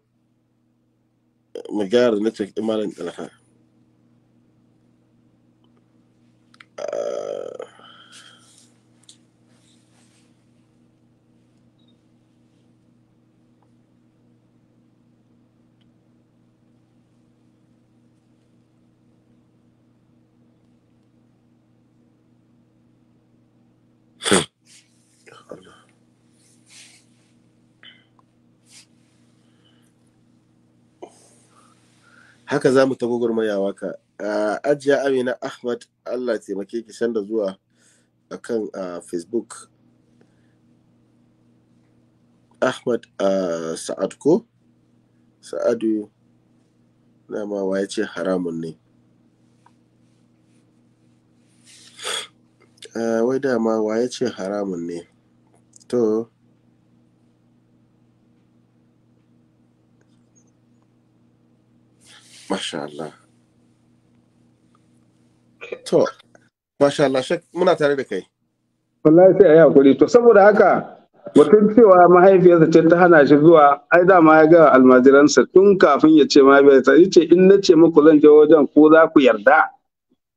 mu gyara network ɗin malam dalha ah. haka za mu ta gwagwarmayawa ka ajiya amina ahmad allah taimake ki sanda zuwa akan facebook ahmad sa'ad ko sa'adu na mawa ya ce haramun ne wai dama wa ya ce haramun ne to Masha To, muna tare da kai. Wallahi sai a yi hakuri. To, saboda haka, batun cewa mahaifiyarsa ce ta hana shi zuwa, ai ma ya ga almajiransa tun kafin ya ce mahaifiyarsa, ya ce in na ce muku zan je wajen ko za ku yarda.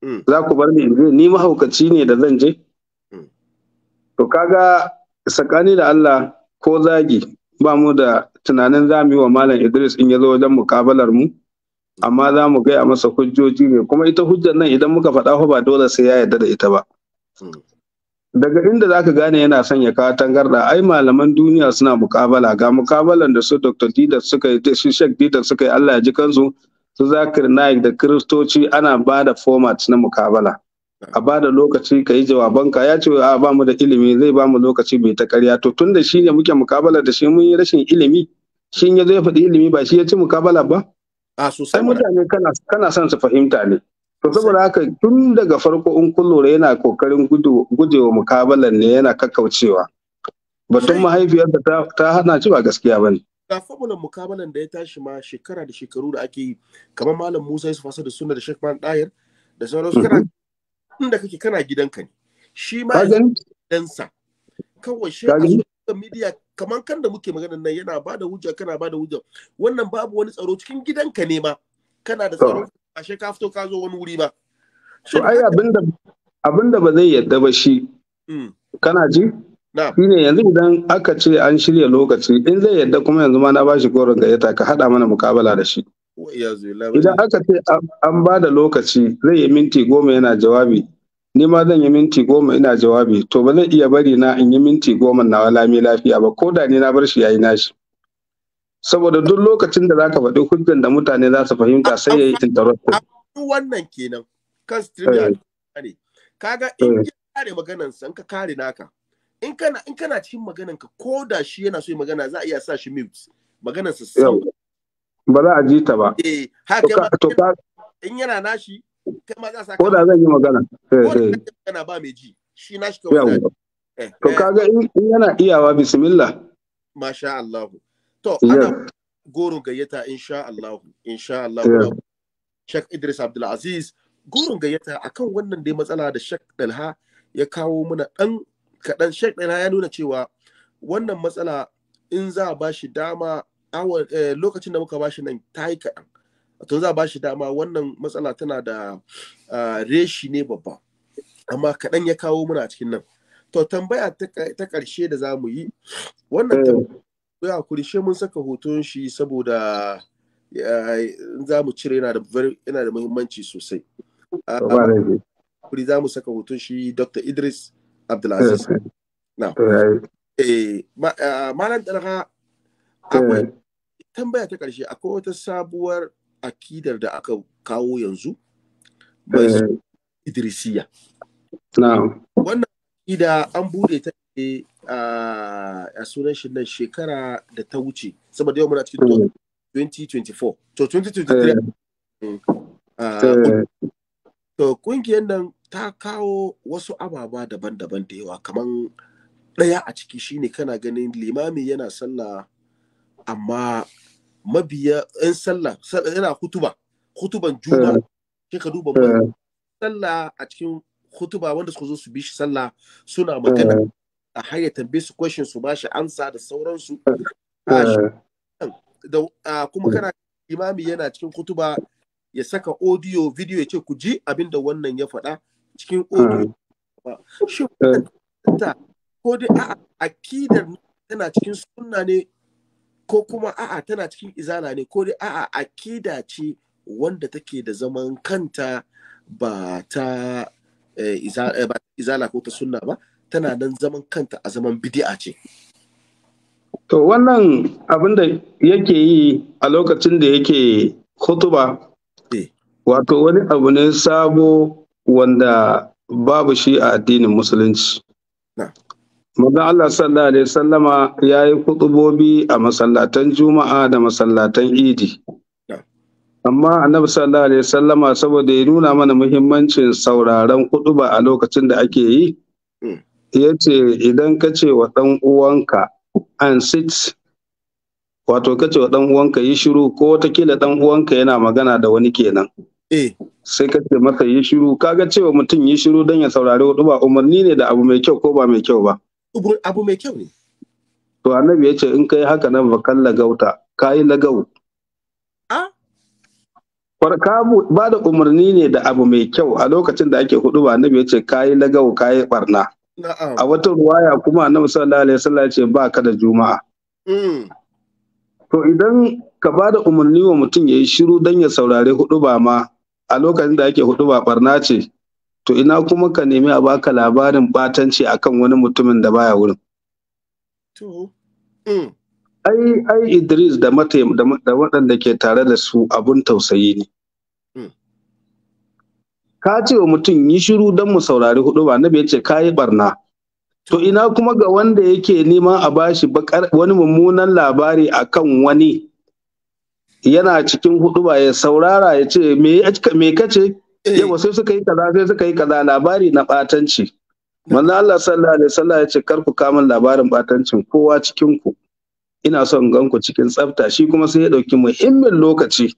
Mm. Za ku bar ni ni mahaukaci ne da zan je. Mm. To, kaga tsakani da Allah ko zagi ba mu da tunanin za mu yi wa Malam Idris in ya zo wajen mukabalar mu. amma za mu gaya masa hujjoji ne kuma ita hujjar nan idan muka faɗa ba dole sai ya yarda da ita ba hmm. daga inda zaka gane yana son ya kawo tangarda ai malaman duniya suna mukabala ga mukabalan da su dr didar suka yi su shek didar suka yi allah ya ji kansu su zakir naik da kiristoci ana ba da format na mukabala a ba da lokaci ka yi jawabanka ya ce a ba mu da ilimi zai ba mu lokaci bai ta karya to Tunda da shi ne muke mukabala da shi mun yi rashin ilimi shi ya zai faɗi ilimi ba shi ya ci mukabala ba a sosai mutane kana kana son su fahimta ne to saboda haka tun daga farko in kun lura yana kokarin gujewa mukabalan ne yana kakkaucewa batun mahaifiyar da ta hana ci ba gaskiya bane ga famulan mukabalan da ya tashi ma shekara da shekaru da ake yi kamar malam Musa Yusuf Asad da sunna da Sheikh Man Dayar da sauransu kana inda mhm. kake kana gidanka ne shi ma gidansa kawai shi a media kamar kan da muke maganar nan yana ba da hujja kana ba da hujja wannan babu wani tsaro cikin gidanka ne ma kana da tsaro ashe ka fito ka zo wani wuri ba to ai abinda abinda ba zai yadda ba shi mm. kana ji shine yanzu idan aka ce an shirya lokaci in zai yadda kuma yanzu ma na ba shi goron gayyata ka hada mana mukabala da shi idan aka ce an ba da lokaci zai yi minti goma yana jawabi ni ma zan yi minti goma ina jawabi to ba zan iya bari na in yi minti goma na lami lafiya ba ko da ni na bar shi yayi nashi saboda duk lokacin da zaka faɗi hujjan da mutane za su fahimta sai yayi interruption wannan kenan kan streamer eh. ne kaga in eh. kare maganan san ka kare naka in kana in kana cikin maganan ka ko da shi yana so yi magana za a iya sa shi mute maganan sa ba za a ji ta ba eh haka to in yana nashi kai ma za sa ko da zan yi magana eh, ko da eh. magana ba mai ji shi na shi kawai eh, to kaga in yana iyawa bismillah masha Allah to ana goron gayyata insha Allah insha Allah Sheikh Idris Abdul Aziz goron gayyata akan wannan dai matsala da Sheikh Dalha ya kawo mana dan kaɗan Sheikh Dalha ya nuna cewa wannan matsala in za a ba shi dama lokacin da muka ba shi nan ta yi kaɗan to za ba shi dama wannan matsala tana da reshi ne babba amma kaɗan ya kawo muna cikin nan to tambaya ta ƙarshe da za mu yi wannan eh. tambaya kurishe mun saka hoton shi saboda za mu cire yana da muhimmanci sosai kuri za mu saka hoton shi dr idris abdulaziz eh, eh. na malam ɗarha akwai tambaya ta ƙarshe akwai wata sabuwar akidar da aka kawo yanzu eh. idrisiya wannan akida an bude ta ne ah, a sunan shi nan shekara da ta wuce saboda yau muna cikin 2024 eh. to 2023 eh. mm. ah, to kungiyar nan ta kawo wasu ababa daban-daban da yawa kamar ɗaya a ciki shine kana ganin limami yana sallah amma mabiya in sallah yana kutuba kutuban juma ke eh. ka duba eh. sallah a cikin kutuba wanda suka zo su bi shi sallah suna magana eh. a haya tambaye su question su shi amsa da sauransu da kuma kana imami yana cikin kutuba ya saka audio video ya ce ku ji abinda wannan ya faɗa cikin audio shi ko dai a akidar tana cikin sunna ne ko kuma a'a tana cikin izala ne ko dai a'a akida ce wanda take da zaman kanta ba ta eh, eh, izala ko ta sunna ba tana nan zaman kanta a zaman bidi'a ce to wannan abin da yake yi a lokacin da yake hutuba eh. wato wani abu ne sabo wanda babu shi a addinin musulunci Maza Allah sallallahu Alaihi sallama ya yi kutubobi a masallatan Juma'a da masallatan Idi. Amma annabi sallallahu Alaihi sallama saboda ya nuna mana muhimmancin sauraron kutuba a lokacin da ake yi, hmm. ya ce idan ka ce wa ɗan uwanka an sit wato ka ce wa ɗan uwanka yi shiru ko watakila ɗan uwanka yana magana da wani kenan. Eh. sai ka ce masa yi shiru kaga cewa mutum yi shiru don ya saurari hudu ba umarni ne da abu mai kyau ko ba mai kyau ba abu mai kyau ne to annabi ya ce in kai haka nan ba kalla gauta, ka yi lagau a ba da umarni ne da abu mai kyau a lokacin da ake hudu ba annabi ya ce ka yi lagau ka yi barna a wata ruwaya kuma annabi sallallahu alaihi wasallam ya ce ba ka da juma'a mm. to idan ka ba da umarni wa mutum ya yi shiru don ya saurari hudu ba ma a lokacin da ake hudu ba barna ce to ina kuma ka nemi a baka labarin batanci akan wani mutumin da baya wurin mm. ai ai Idris da da waɗanda ke tare da su abun tausayi ne mm. ka ce wa mutum yi shiru don mu saurari hudu ba na ce ka yi barna to ina kuma ga wanda yake nema a bashi wani mummunan labari akan wani yana cikin hudu ba ya saurara ya ce me kace Eh. yawa sai suka yi kaza sai suka yi kaza labari na batanci manzo Allah sallallahu alaihi wasallam ya ce kar ku kamun labarin batancin kowa cikin ku ina son gan ku cikin tsafta shi kuma sai ya dauki muhimmin lokaci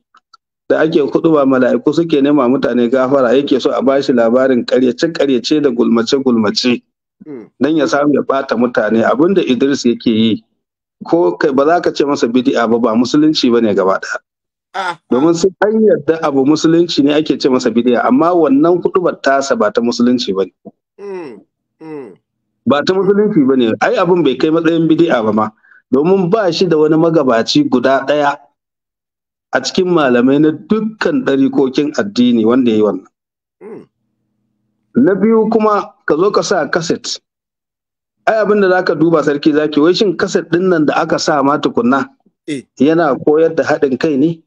da ake kuduba mala'iku suke nema mutane gafara yake so a bashi labarin karyace karyace da gulmace gulmace hmm. dan ya samu ya bata mutane abinda Idris yake yi ko kai ba za ka ce masa bid'a ba ba musulunci bane gaba daya domin sun an yarda abu musulunci ne ake ce masa bidiya amma wannan ba tasa ba ta musulunci ba ne mm, mm. ba ta musulunci ba ne ai abin bai kai matsayin bidiya ba ma domin ba shi da wani magabaci guda ɗaya a cikin malamai na dukkan ɗarikokin addini wanda ya yi wannan mm. na biyu kuma ka zo ka sa kaset ai abin da za ka duba sarki zaki wai shin kaset ɗin da aka sa ma tukunna eh. yana koyar da haɗin kai ne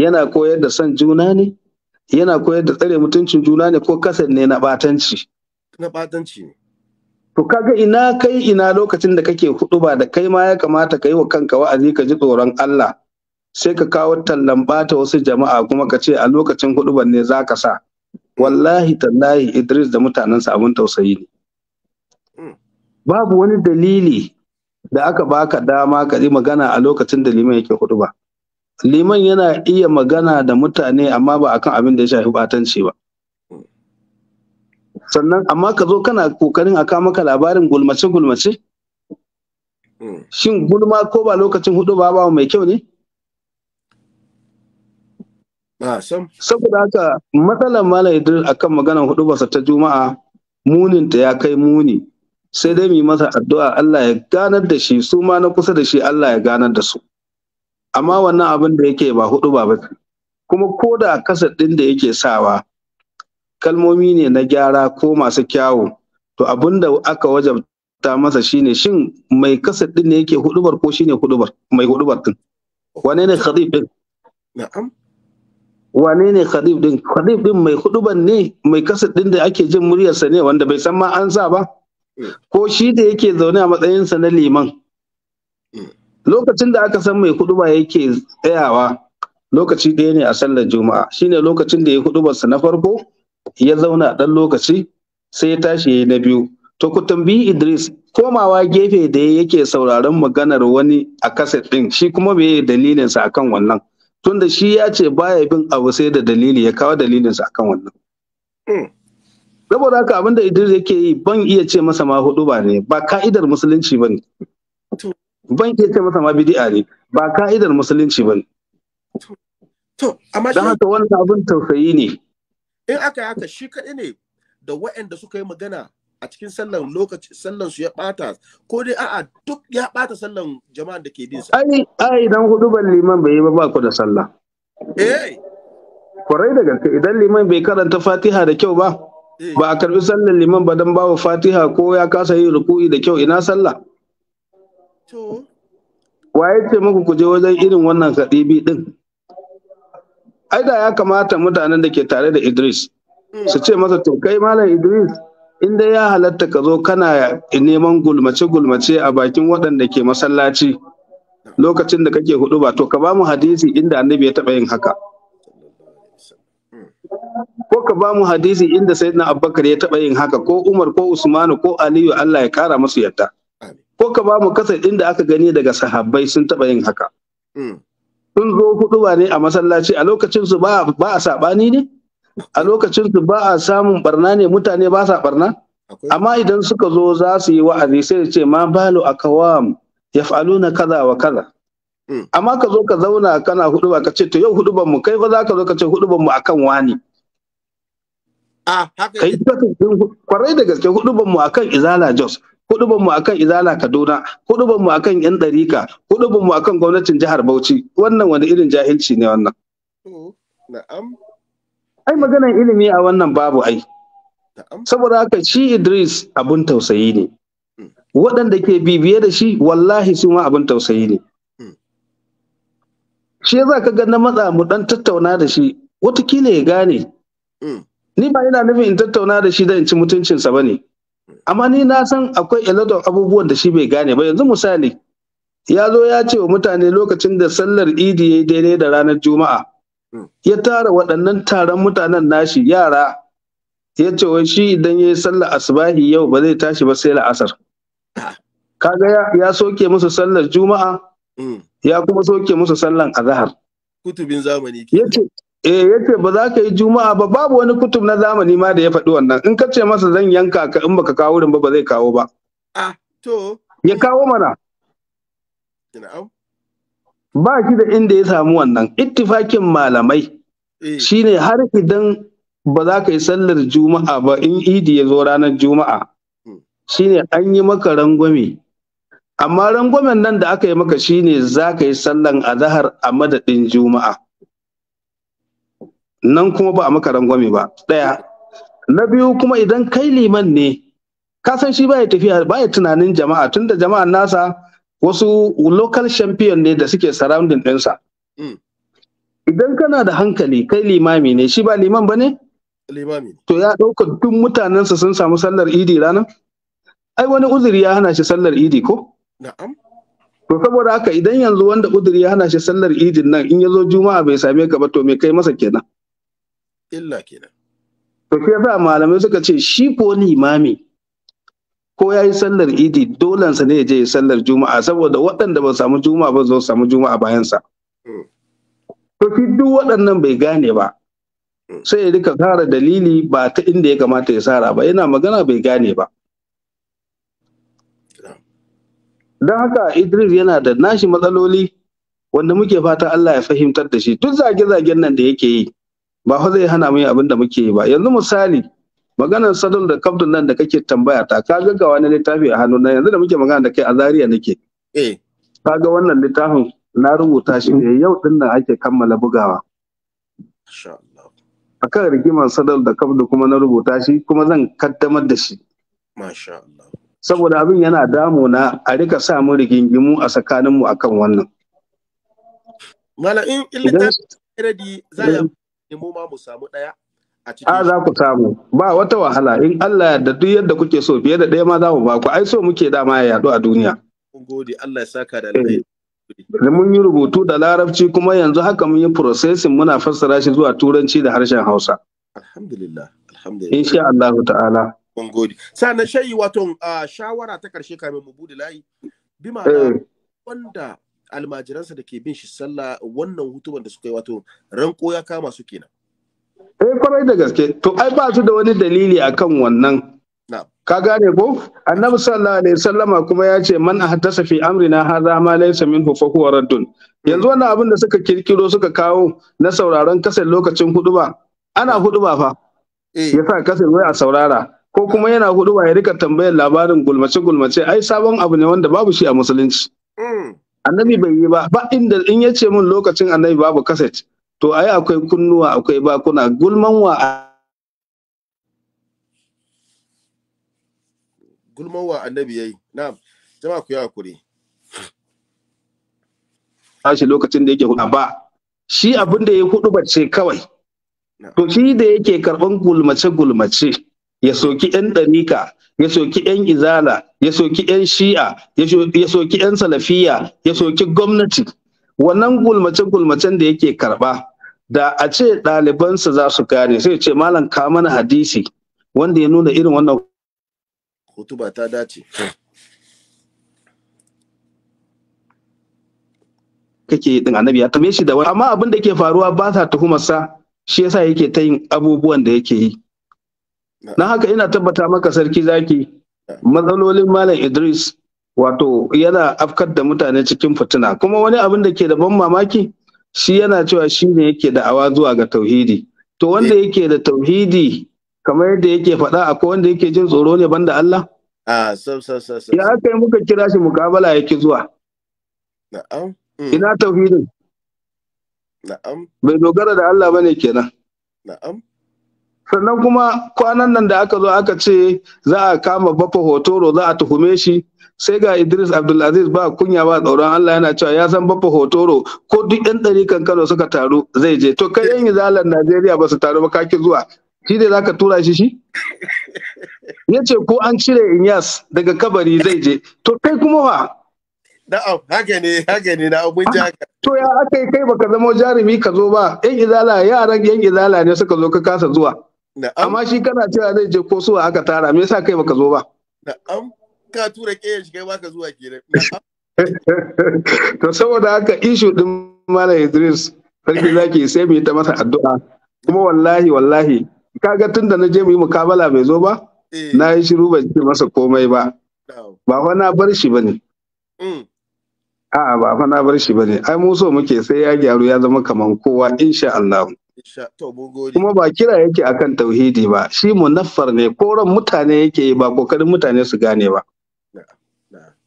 yana koyar da son juna ne yana koyar da tsare mutuncin juna ne ko kasar ne na batanci na batanci ne to kaga ina kai ina lokacin da kake ba da kai ma ya kamata ka yi wa kanka wa'azi ka ji tsoron Allah sai ka kawo tallan bata wasu jama'a kuma ka ce a lokacin huduban ne zaka sa wallahi tallahi Idris da mutanensa abin tausayi ne mm. babu wani dalili da aka baka dama ka yi magana a lokacin da liman yake hudu ba liman yana iya magana da mutane amma ba akan abin da ya shafi batanci ba sannan amma ka zo kana kokarin aka maka labarin gulmace gulmace mm. shin gulma ko ba lokacin hudu ba ba mai kyau ne saboda haka matsalar malam idris akan maganar hudu basa ta juma'a muninta ya kai muni sai dai mu masa addu'a Allah ya ganar da shi su ma na kusa da shi Allah ya ganar da su amma wannan abin da yake ba hudu ba bace kuma ko da kasar ɗin da yake sawa kalmomi ne na gyara ko masu kyawu to abin da aka wajabta masa shine shin mai kasar ɗin ne yake hudubar ko shine hudubar mai hudubar din wane ne khadif din na'am wane ne khadif din khadif din mai hudubar ne mai kasar ɗin da ake jin muryarsa ne wanda bai san ma an sa ba mm. ko shi da yake zaune a matsayinsa na liman mm. lokacin da aka san mai kuduba yake tsayawa lokaci ɗaya ne a sallar juma'a shine lokacin da ya kudubarsa na farko ya zauna ɗan lokaci sai ya tashi ya na biyu to ku tambayi idris komawa gefe da yake sauraron maganar wani a kaset ɗin shi kuma me dalilinsa akan wannan tunda shi ya ce baya bin abu sai da dalili ya kawo dalilinsa akan wannan hmm. saboda haka abinda idris yake yi ban iya ce masa ma huɗuba ne ba ka'idar musulunci ba ne ban ke ce masa ma bidi'a ne ba ka'idar musulunci ba to amma dan haka wannan abin tausayi ne in aka yi haka shi kaɗai ne da wa'anda suka yi magana a cikin sallan lokaci sallan su ya bata ko dai a'a duk ya bata sallan jama'an da ke bin sa ai ai dan hudu ban liman bai yi ba ba ku da sallah eh kwarai da gaske idan liman bai karanta fatiha da kyau ba eh. ba a karbi sallan liman ba dan wa fatiha ko ya kasa yi ruku'i da kyau ina sallah Wa ya ce muku ku je wajen irin wannan kadibi din ai da ya kamata mutanen da ke tare da Idris su ce masa to kai malam Idris in dai ya halatta ka zo kana neman gulmace gulmace a bakin waɗanda ke masallaci lokacin da kake hudu ba to ka ba mu hadisi inda annabi ya taɓa yin haka ko ka ba mu hadisi inda sayyidina abubakar ya taɓa yin haka ko umar ko usmanu ko aliyu allah ya kara musu yadda ko ka ba mu kasar inda aka gani daga sahabbai sun taɓa yin haka hmm. sun zo hudu ba ne a masallaci a lokacinsu ba a saɓani ne a lokacinsu ba a samun barna ne mutane ba sa barna amma idan suka zo za su yi wa'azi sai ce ma balu akawam yaf'aluna kaza wa kaza hmm. amma ka zo ka zauna kana hudu ba ka ce to yau hudu ban mu kai fa za ka zo ka ce hudu ban mu akan wani ah, kai kwarai da gaske hudu ban mu akan izala jos kudubin mu akan izala kaduna kudubin mu akan yan ɗarika kudubin mu akan gwamnatin jihar bauchi wannan wani irin jahilci ne wannan na'am ai maganar ilimi a wannan babu ai saboda haka shi idris abun tausayi ne mm. waɗanda ke bibiye da shi wallahi su ma abin tausayi ne mm. shi za ka ga na matsa mu dan tattauna da shi watakila ya gane mm. ni ba ina nufin in tattauna da shi dan in ci mutuncinsa ba ne amma ni na san akwai iladon abubuwan da shi bai gane ba yanzu misali ya zo ya ce wa mutane lokacin da sallar idi ya daidai da ranar juma'a hmm. ya tara waɗannan taron mutanen nashi yara ya ce wai shi idan ya yi sallar asbahi yau ba zai tashi ba sai la'asar kaga ya soke musu sallar juma'a hmm. ya kuma soke musu sallar azahar ya eh yace ba za ka yi juma'a ba babu wani kutub na zamani ma da ya faɗi wannan in ka ce masa zan yanka ka in baka kawo wurin ba ba zai kawo ba ah to ya kawo mana ba shi da inda ya samu wannan ittifakin malamai eh. shine har idan ba za ka yi sallar juma'a ba in idi ya zo ranar juma'a hmm. shine an yi maka rangwame amma rangwamen nan da aka yi maka shine za ka yi sallan azahar a madadin juma'a nan kuma ba a maka rangwame ba ɗaya na biyu kuma idan kai liman ne ka san shi baya tafiya baya tunanin jama'a tunda jama'a nasa wasu local champion ne da suke surrounding ɗinsa mm. idan kana da hankali kai limami ne shi ba liman ba ne limami to ya ɗauka duk mutanensa sun samu sallar idi ranar ai wani uzuri ya hana shi sallar idi ko na'am to saboda haka idan yanzu wanda uzuri ya hana shi sallar idin nan in ya zo juma'a bai same ka ba to me kai masa kenan illa kenan to ke sa malamai suka ce shi ko limami ko ya yi sallar idi dolansa ne ya je sallar juma'a saboda waɗanda ba samu juma'a ba zo samu juma'a bayansa hmm. to duk waɗannan bai gane ba hmm. sai ya rika fara dalili ba ta inda ya kamata ya sara ba yana magana bai gane ba don haka idris yana da nashi matsaloli wanda muke fata allah ya fahimtar da shi duk zage-zagen nan da yake yi ba fa zai hana mu abin da muke yi ba yanzu misali maganar sadal da kabdun nan da kake tambaya ta ka ga wani littafi a hannu na yanzu da muke magana da kai a Zariya nake eh ka ga wannan littafin na rubuta shi ne yau din nan ake kammala bugawa akan rigimar sadal da kabdu kuma na rubuta shi kuma zan kaddamar da shi Masha Allah! saboda abin yana damuna a rika sa mu rigingimu a tsakaninmu akan wannan Mala in za a mu ma mu samu ɗaya a cikin a za ku samu ba wata wahala in Allah da duk yadda kuke so fiye da ɗaya ma za mu ba ku ai so muke dama ya yaɗu a duniya mun gode Allah ya saka da alheri mun yi rubutu da larabci kuma yanzu haka mun yi processing muna fassara shi zuwa turanci da harshen Hausa alhamdulillah alhamdulillah insha Allah ta'ala mun gode sannan shayi wato ah, shawara ta karshe kamin mu bude layi bima eh. wanda almajiransa da ke bin shi sallah wannan hutuban da suka yi wato ranko ya kama su kenan eh kwarai da gaske to ai ba su da wani dalili akan wannan ka gane ko annabi sallallahu alaihi wasallama kuma ya ce man ahdasa fi amrina hadha ma laysa minhu fa huwa raddun yanzu hmm. wannan abin da suka kirkiro suka kawo na sauraron kasa lokacin huduba ana huduba fa eh. yasa kasa wai a saurara ko kuma yana huduba ya rika tambayar labarin gulmace gulmace ai sabon abu ne wanda babu shi a musulunci hmm. annabi bai yi ba ba inda in ya ce min lokacin annabi babu kaset to ai akwai kunnuwa akwai bakuna gulman wa gulman wa annabi yayi na'am jama'a ku yi hakuri tashi lokacin da yake hudu ba shi abin da ya hudu bace kawai to shi da yake karban gulmace gulmace ya soki yan ɗarika ya soki 'yan izala ya soki 'yan shi'a ya soki 'yan salafiya ya soki gwamnati wannan gulmace-gulmacen da yake karba da a ce ɗalibansa za su kare sai ce malam ka mana hadisi wanda ya nuna irin wannan hutuba ta dace kake din annabi ya tame shi da wani amma abin da ke faruwa ba sa tuhumarsa shi yasa yake ta yin abubuwan da yake yi na haka ina tabbata maka sarki zaki matsalolin malam idris wato yana afkar da mutane cikin fitina kuma wani abin da ke da ban mamaki shi yana cewa shi ne yake da awa zuwa ga tauhidi to wanda eh. yake da tauhidi kamar yadda yake faɗa akwai wanda yake jin tsoro ne banda Allah ya aka yi muka kira shi mukabala yake zuwa mm. ina tauhidin bai dogara da Allah bane kenan na'am sannan kuma kwanan nan da aka zo aka ce za a kama bafa hotoro za a tuhume shi sai ga idris abdulaziz ba kunya ba tsoron allah yana cewa ya san bafa hotoro ko duk yan ɗarikan kano suka taru zai je to kai yan izalar najeriya ba su taru ba kaki zuwa shi ne za ka tura shi shi ya ce ko an cire inyas daga kabari zai je to kai kuma ba Na'am, haka ne, haka ne, na abun haka. To ya aka yi kai baka zama jarumi ka zo ba, ‘yan izala yaran ‘yan izala ne suka zo ka kasa zuwa. Amma shi kana cewa zai je ko so aka tara me yasa kai baka zo ba? Na'am ka tura ƙeyar shi kai baka zuwa kenan. To saboda haka ishu din Malam Idris sarki zaki sai mu yi ta masa addu'a kuma wallahi wallahi kaga tunda na je mu yi mukabala bai zo ba eh. na yi shiru ban ce masa komai ba ba fa na bar shi bane mm. a'a ba fa na bar shi bane ai mu so muke sai ya gyaru ya zama kaman kowa insha Allah kuma ba kira yake akan tauhidi ba shi munaffar ne koran mutane yake yi ba kokarin mutane su gane ba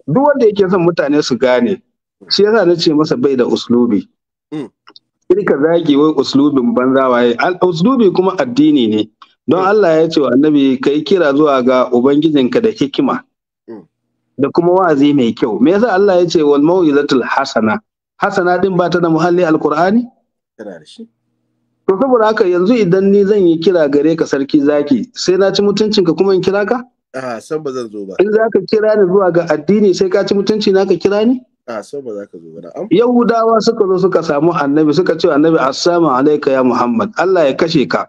duk wanda yake son mutane su gane shi yasa na ce masa bai da uslubi mm. kirka zagi wai uslubin banza waye uslubi kuma addini ne don mm. Allah ya ce wa annabi kai kira zuwa ga ubangijinka da hikima mm. da kuma wa'azi mai kyau me yasa Allah ya ce wal mau'izatul hasana hasana din ba ta da muhalli alqur'ani to saboda haka yanzu idan ni zan yi kira gare ka sarki zaki sai na ci mutuncinka kuma in kira ka a san ba zan zo ba in za ka kira ni zuwa ga addini sai ka ci mutunci na ka kira ni a san ba za ka zo ba yahudawa suka zo suka samu annabi suka ce annabi assalamu alaika ya muhammad allah ya kashe ka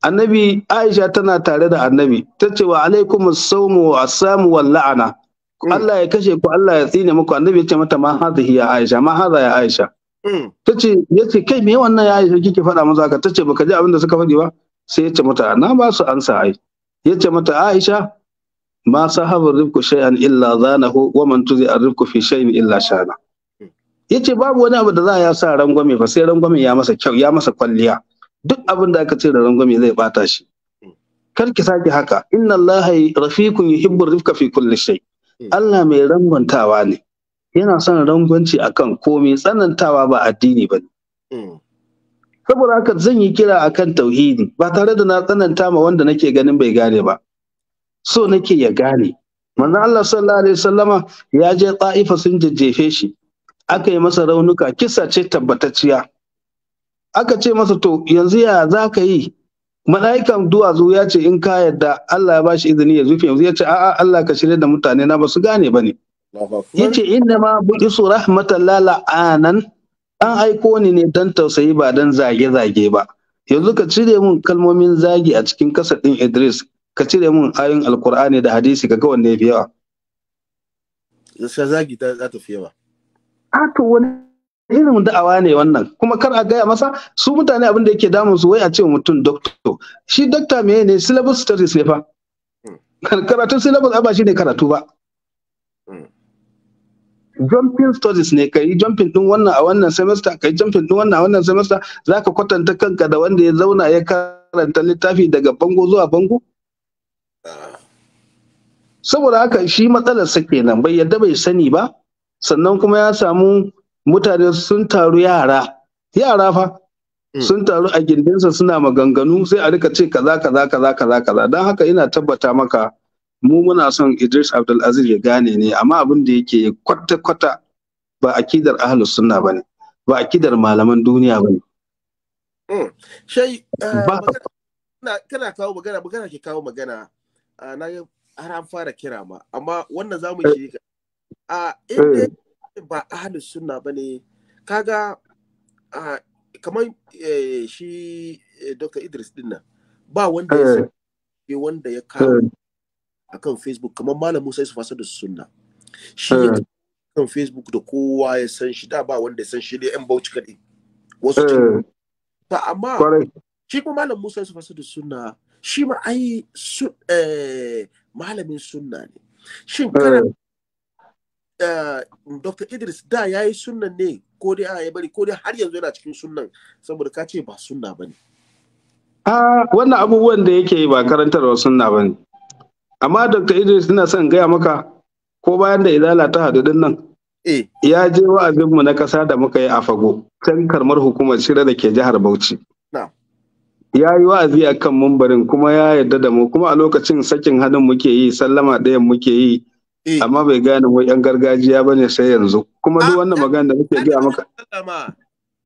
annabi aisha tana tare da annabi ta ce wa alaikum assawmu wa assamu wa la'ana mm. Allah ya kashe ku Allah ya tsine muku annabi ya ce mata ma hadhihi ya aisha ma hadha ya aisha Mm. ta ce ya ce kai me wannan ya yi kike faɗa masa ka. ta ce baka ji abin da suka fadi ba sai ya ce mata na ba su ansa ai ya ce mata Aisha ma sahabar rifku shay'an illa zanahu wa man tuzi arifku fi shay'in illa shana ya ce babu wani abu da za a ya sa rangwame ba sai rangwame ya masa kyau ya masa kwalliya duk abin da aka ce da rangwame zai bata shi mm. kar ki sake haka inna allaha rafiqun yuhibbu rifka fi kulli shay mm. Allah mai rangwantawa ne yana son rangwanci kan komai tsanantawa ba addini ba ne hmm. saboda haka zan yi kira akan tauhidi ba tare da na tsananta ma wanda nake ganin bai gane ba so nake ya gane manzon Allah sallallahu alaihi wasallama ya je ta'ifa sun jajjefe shi aka yi masa raunuka kisa ce tabbatacciya aka ce masa to yanzu ya za ka yi mala'ikan duwatsu ya ce in ka yadda Allah ya bashi izini ya zufe yanzu ya ce a'a Allah ka shirya da mutane na ba su gane ba ne yace inna ma bu'isu rahmatan anan, an aiko ni ne dan tausayi ba dan zage-zage ba yanzu ka cire mun kalmomin zagi a cikin kasadin Idris ka cire mun ayoyin alkur'ani da hadisi ka ga wanne yafi yawa zagi ta za ta fi yawa a to wani irin da'awa ne wannan kuma kar a gaya masa su mutane abin da yake damun su wai a ce mutum doctor shi doctor me ne syllabus studies ne fa hmm. karatun syllabus ba shi ne karatu ba hmm. jumping studies ne kai jumping din wannan a wannan semester kai jumping din wannan a wannan semester zaka kwatanta kanka da wanda ya zauna ya karanta littafi daga bango zuwa bango saboda haka shi matsalar matsalarsa kenan bai yadda bai sani ba sannan kuma ya samu mutane sun taru yara yara fa mm. sun taru a gindinsa suna maganganu sai a rika ce kaza kaza kaza kaza kaza don haka ina tabbata maka mu muna son Idris Abdulaziz ya gane ne amma abin da yake kwata kwata ba akidar ahlus sunna bane ba akidar malaman duniya bane hmm. shai eh, kana kawo magana magana ke kawo magana ah, na har an fara kira ma amma wannan zamu shi eh. a ah, inda eh. ba ahlus sunna bane kaga ah, kamar shi Dr. Idris din nan ba wanda ya wanda ya kawo akan facebook kamar malam musa yusuf asadu sunna shi eh. kan facebook da kowa ya san shi da ba wanda ya san shi ne yan bauchi kaɗai wasu eh. ta amma shi kuma malam musa yusuf asadu sunna shi ma ai eh, malamin sunna ne shi kana Dr. Idris da ya yi sunnan ne ko dai ya bari ko dai har yanzu yana cikin sunnan saboda ka ce ba sunna ba ne. Ah, wannan abubuwan da yake yi ba karantarwa sunna ba ne. amma dr idris ina son gaya maka ko bayan da izala ta hadu din nan eh. ya je wa'azin mu na kasa da muka yi a fago can karmar hukumar shirya da ke jihar bauchi ya yi wa'azi a kan mumbarin kuma ya yarda da mu kuma a lokacin sakin hannun muke yi sallama ɗayan muke yi eh. amma bai gane mu yan gargajiya bane sai yanzu kuma duk wannan magana da muke gaya maka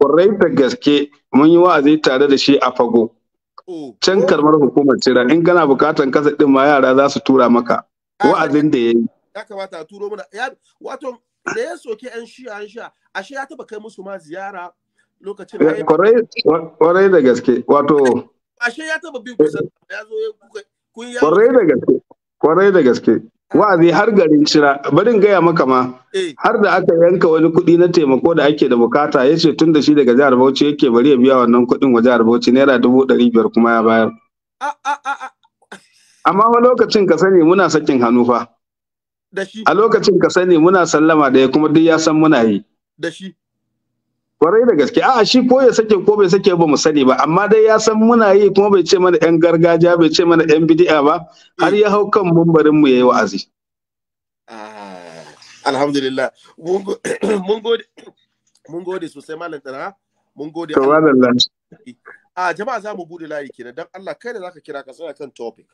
ƙwarai ta gaske mun yi wa'azi tare da shi a fago can karmar hukumar cira in kana bukatan kasa din ma yara za su tura maka wa'azin da yayi ya kamata a turo mana wato da ya soke yan shi'a yan shi'a ashe ya taba kai musu ma ziyara lokacin eh, kwarai da gaske wato ashe ya taba bin kusa ya zo kun ya kwarai da gaske kwarai da gaske wa'azi har garin cira barin gaya maka ma eh. har da aka yanka wani kuɗi na taimako da ake da bukata ya ce tun da shi daga jihar bauchi yake bari ya biya wannan kuɗin wa jihar bauchi naira dubu ɗari biyar kuma ya bayar amma wa lokacin ka sani muna sakin hannu fa a lokacin ka sani muna sallama da kuma duk ya san muna yi da shi kwarai da gaske a'a shi ko ya sake ko bai sake ba mu sani ba amma dai ya san muna yi kuma bai ce mana yan gargajiya bai ce mana yan bid'a ba har ya hau kan bambarin mu yayi wa'azi ah, alhamdulillah mun gode mun gode sosai malam dana mun gode a ah, jama'a za mu bude layi kenan dan Allah kai da zaka kira ka tsaya kan topic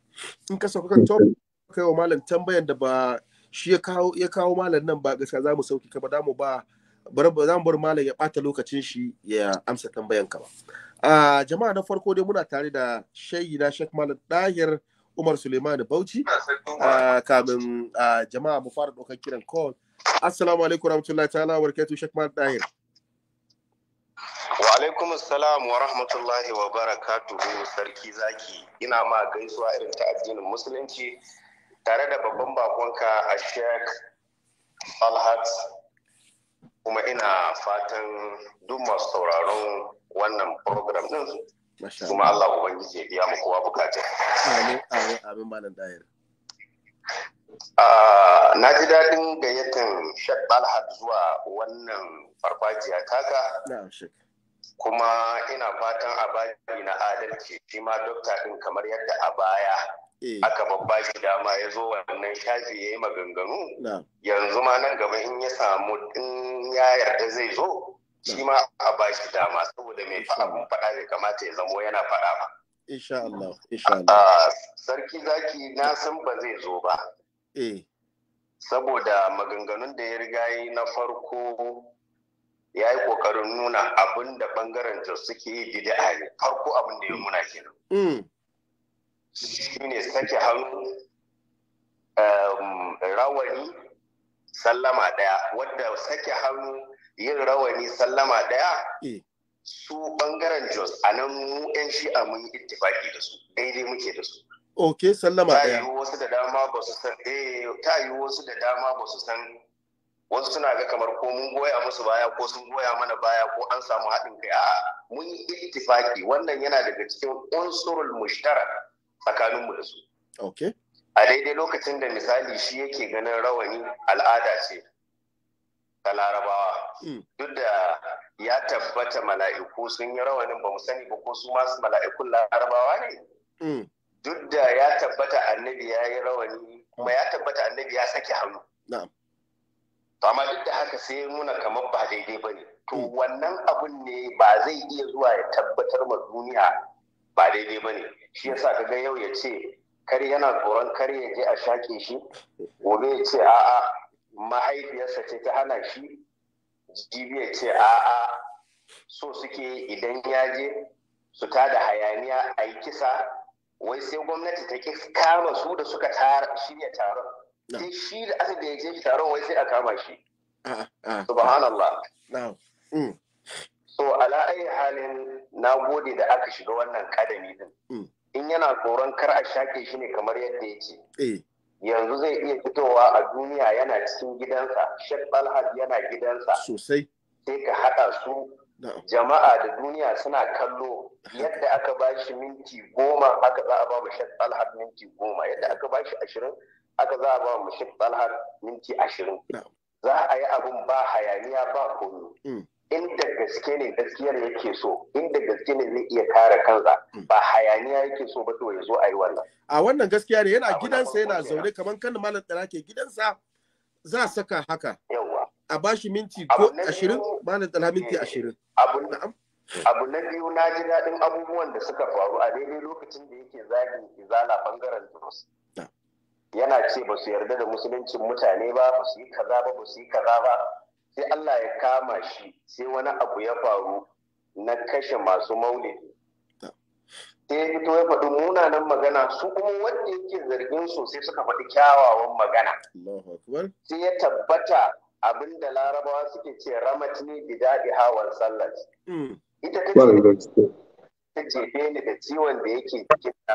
in ka sauka kan topic kai wa malam tambayan da ba shi ya kawo ya kawo malam nan ba gaskiya za mu sauki ka ba da mu ba bari zan bar malam ya bata lokacin shi ya amsa tambayan ka ba a jama'a na farko dai muna tare da shayi na shek Malam Dahir Umar Suleiman Bauchi kamin jama'a mu fara ɗaukar kiran call assalamu alaikum rahmatullahi ta'ala barakatuh shek Malam Dahir Wa alaikum assalam wa rahmatullahi wa barakatuhu sarki zaki ina ma gaisuwa irin ta addinin musulunci tare da babban bakonka a Shek Falhat. kuma ina fatan duk masu sauraron wannan program din kuma Allah ubangiji ya biya mu kowa bukata ah, na ji daɗin gayyatan Sheikh Talhat zuwa wannan farfajiya taka kuma ina fatan a na adalci shi ma dokta ɗin kamar yadda a baya Eh. aka babba shi dama ya zo wannan shafi ya yi maganganu yanzu ma nan gaba in ya samu in ya yarda zai zo shi ma a ba shi dama saboda mai abin faɗa bai kamata ya zamo yana faɗa ba. Insha Allah, insha Allah. Ah, sarki zaki na san ba zai zo ba. Eh. Saboda maganganun da ya riga yi na farko ya yi ƙoƙarin nuna abin da ɓangaren suke yi bid'a ne farko abin da ya nuna kenan. Mm. shi ne sake hannu um, rawani sallama ɗaya wadda sake hannu yin rawani sallama ɗaya eh. su ɓangaren jos a nan mu 'yan a mun yi da su daidai muke da su ok sallama ɗaya ta wasu da dama ba su san eh, ta yi wasu da dama ba su san wasu suna ga kamar ko mun goya musu baya ko sun goya mana baya ko an samu haɗin kai a mun yi ittifaki wannan yana daga cikin unsurul mushtarak tsakaninmu da su. A daidai lokacin da misali shi yake ganin rawani al'ada ce ta larabawa. Hmm. Duk da ya tabbata mala'iku sun yi rawanin ba mu sani ba ko su masu mala'ikun larabawa ne. Hmm. Duk da ya tabbata annabi ya yi rawani kuma ya tabbata annabi ya sake hannu. amma duk da haka sai muna kamar ba daidai ba ne. To hmm. wannan abun ne ba zai iya zuwa ya tabbatar ma duniya ba daidai ba ne shi yasa kaga yau ya ce kari yana tsoron kar ya je a shaƙe shi gobe ya ce a'a mahaifiyarsa ce ta hana shi jibi ya ce a'a so suke idan ya je su da hayaniya a yi kisa wai sai gwamnati ta ki kama su da suka shirya taron sai shi da aka da ya je taron wai sai a kama shi ah, ah. subhanallah so ala ai halin na gode da aka shiga wannan kadami din mm. in yana tsoron kar a shake shi ne kamar yadda ya ce. Eh. yanzu zai iya fitowa a duniya yana cikin gidansa shek alhad yana gidansa sosai sai ka haɗa su jama'a da duniya suna kallo yadda aka ba shi minti goma aka za a ba mu shek alhad minti goma yadda aka ba shi ashirin aka za a ba mu shek alhad minti ashirin za a yi abin ba hayaniya ba komi mm. inda gaske ne gaskiyar yake so inda gaske ne zai iya kare kansa ba hayaniya yake so ba to ya zo a yi wannan a wannan gaskiya ne yana gidansa yana zaune kamar kan malam dara ke gidansa za a saka haka a bashi minti ko ashirin malam dara minti eh, ashirin abu na biyu na ji daɗin abubuwan da suka faru a daidai lokacin da yake zagin izala bangaren Turus. yana ce ba su yarda da musuluncin mutane ba ba su yi kaza ba ba su yi kaza ba sai Allah ya kama shi sai wani abu ya faru na kashe masu maulidi sai fito ya faɗi munanan magana su kuma wanda yake zargin su sai suka faɗi kyawawan magana sai ya tabbata abin da larabawa suke ce ramat ne daɗi hawan sallat mm. ita ta ce ta jefe ni da ciwon da yake jikinta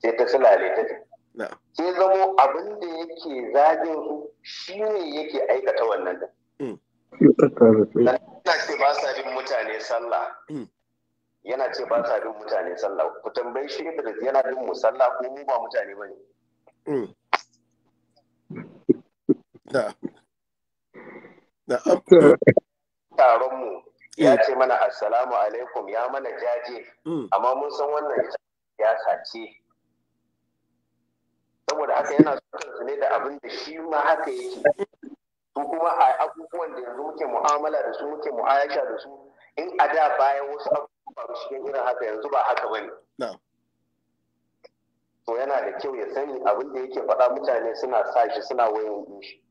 sai ta sulale ta sai zamo abin da yake zagin su shi ne yake aikata wannan da yana ce ba sa bin mutane sallah hmm. yana ce ba sa bin mutane sallah ku tambayi shi da yana bin mu sallah ko mu ba mutane ba ne hmm. taron mu ya hmm. ce mana assalamu alaikum ya mana jaje amma mun san wannan ya sace saboda haka yana son su ne da abin da shi ma haka yake ko kuma a abubuwan da yanzu muke mu'amala da su muke mu'ayasha da su in a da bayan wasu abubuwa ba cikin irin haka yanzu ba haka bane to yana da kyau ya sani abin da yake faɗa mutane suna sa shi suna wayan shi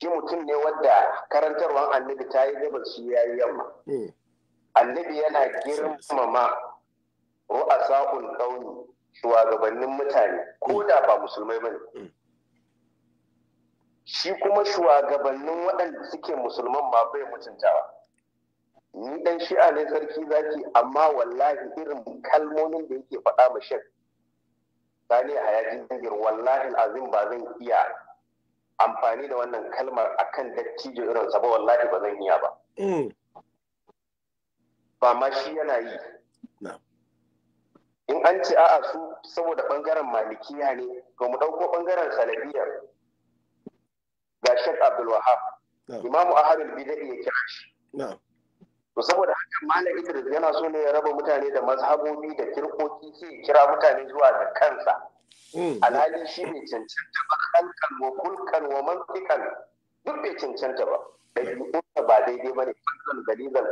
shi mutum ne wadda karantarwar annabi ta yi gabar shi ya yi yamma hmm. annabi yana girmama ru'asa'ul ƙauni shugabannin mutane ko hmm. da ba musulmai bane hmm. shi kuma shugabannin waɗanda suke musulman ma bai mutuntawa ni dan shi'a ne sarki zaki amma wallahi irin kalmomin da yake faɗa ma shek sani a yaji jirgin wallahi azim ba zan iya amfani da wannan kalmar a kan dattijo irin sa ba wallahi ba zan iya ba mm. ba ma shi yana yi in an ce a'a su saboda bangaren malikiya ne to mu ɗauko bangaren salafiyar ga Sheikh Abdul Wahab Imam Ahad bidai ya kira shi to saboda haka Malam Idris yana so ne ya raba mutane da mazhabobi da kirkoki sai kira mutane zuwa da kansa hmm. alhali shi bai cancanta ba halkan wa kulkan wa mantikan duk bai cancanta ba da ba daidai ba ne fankan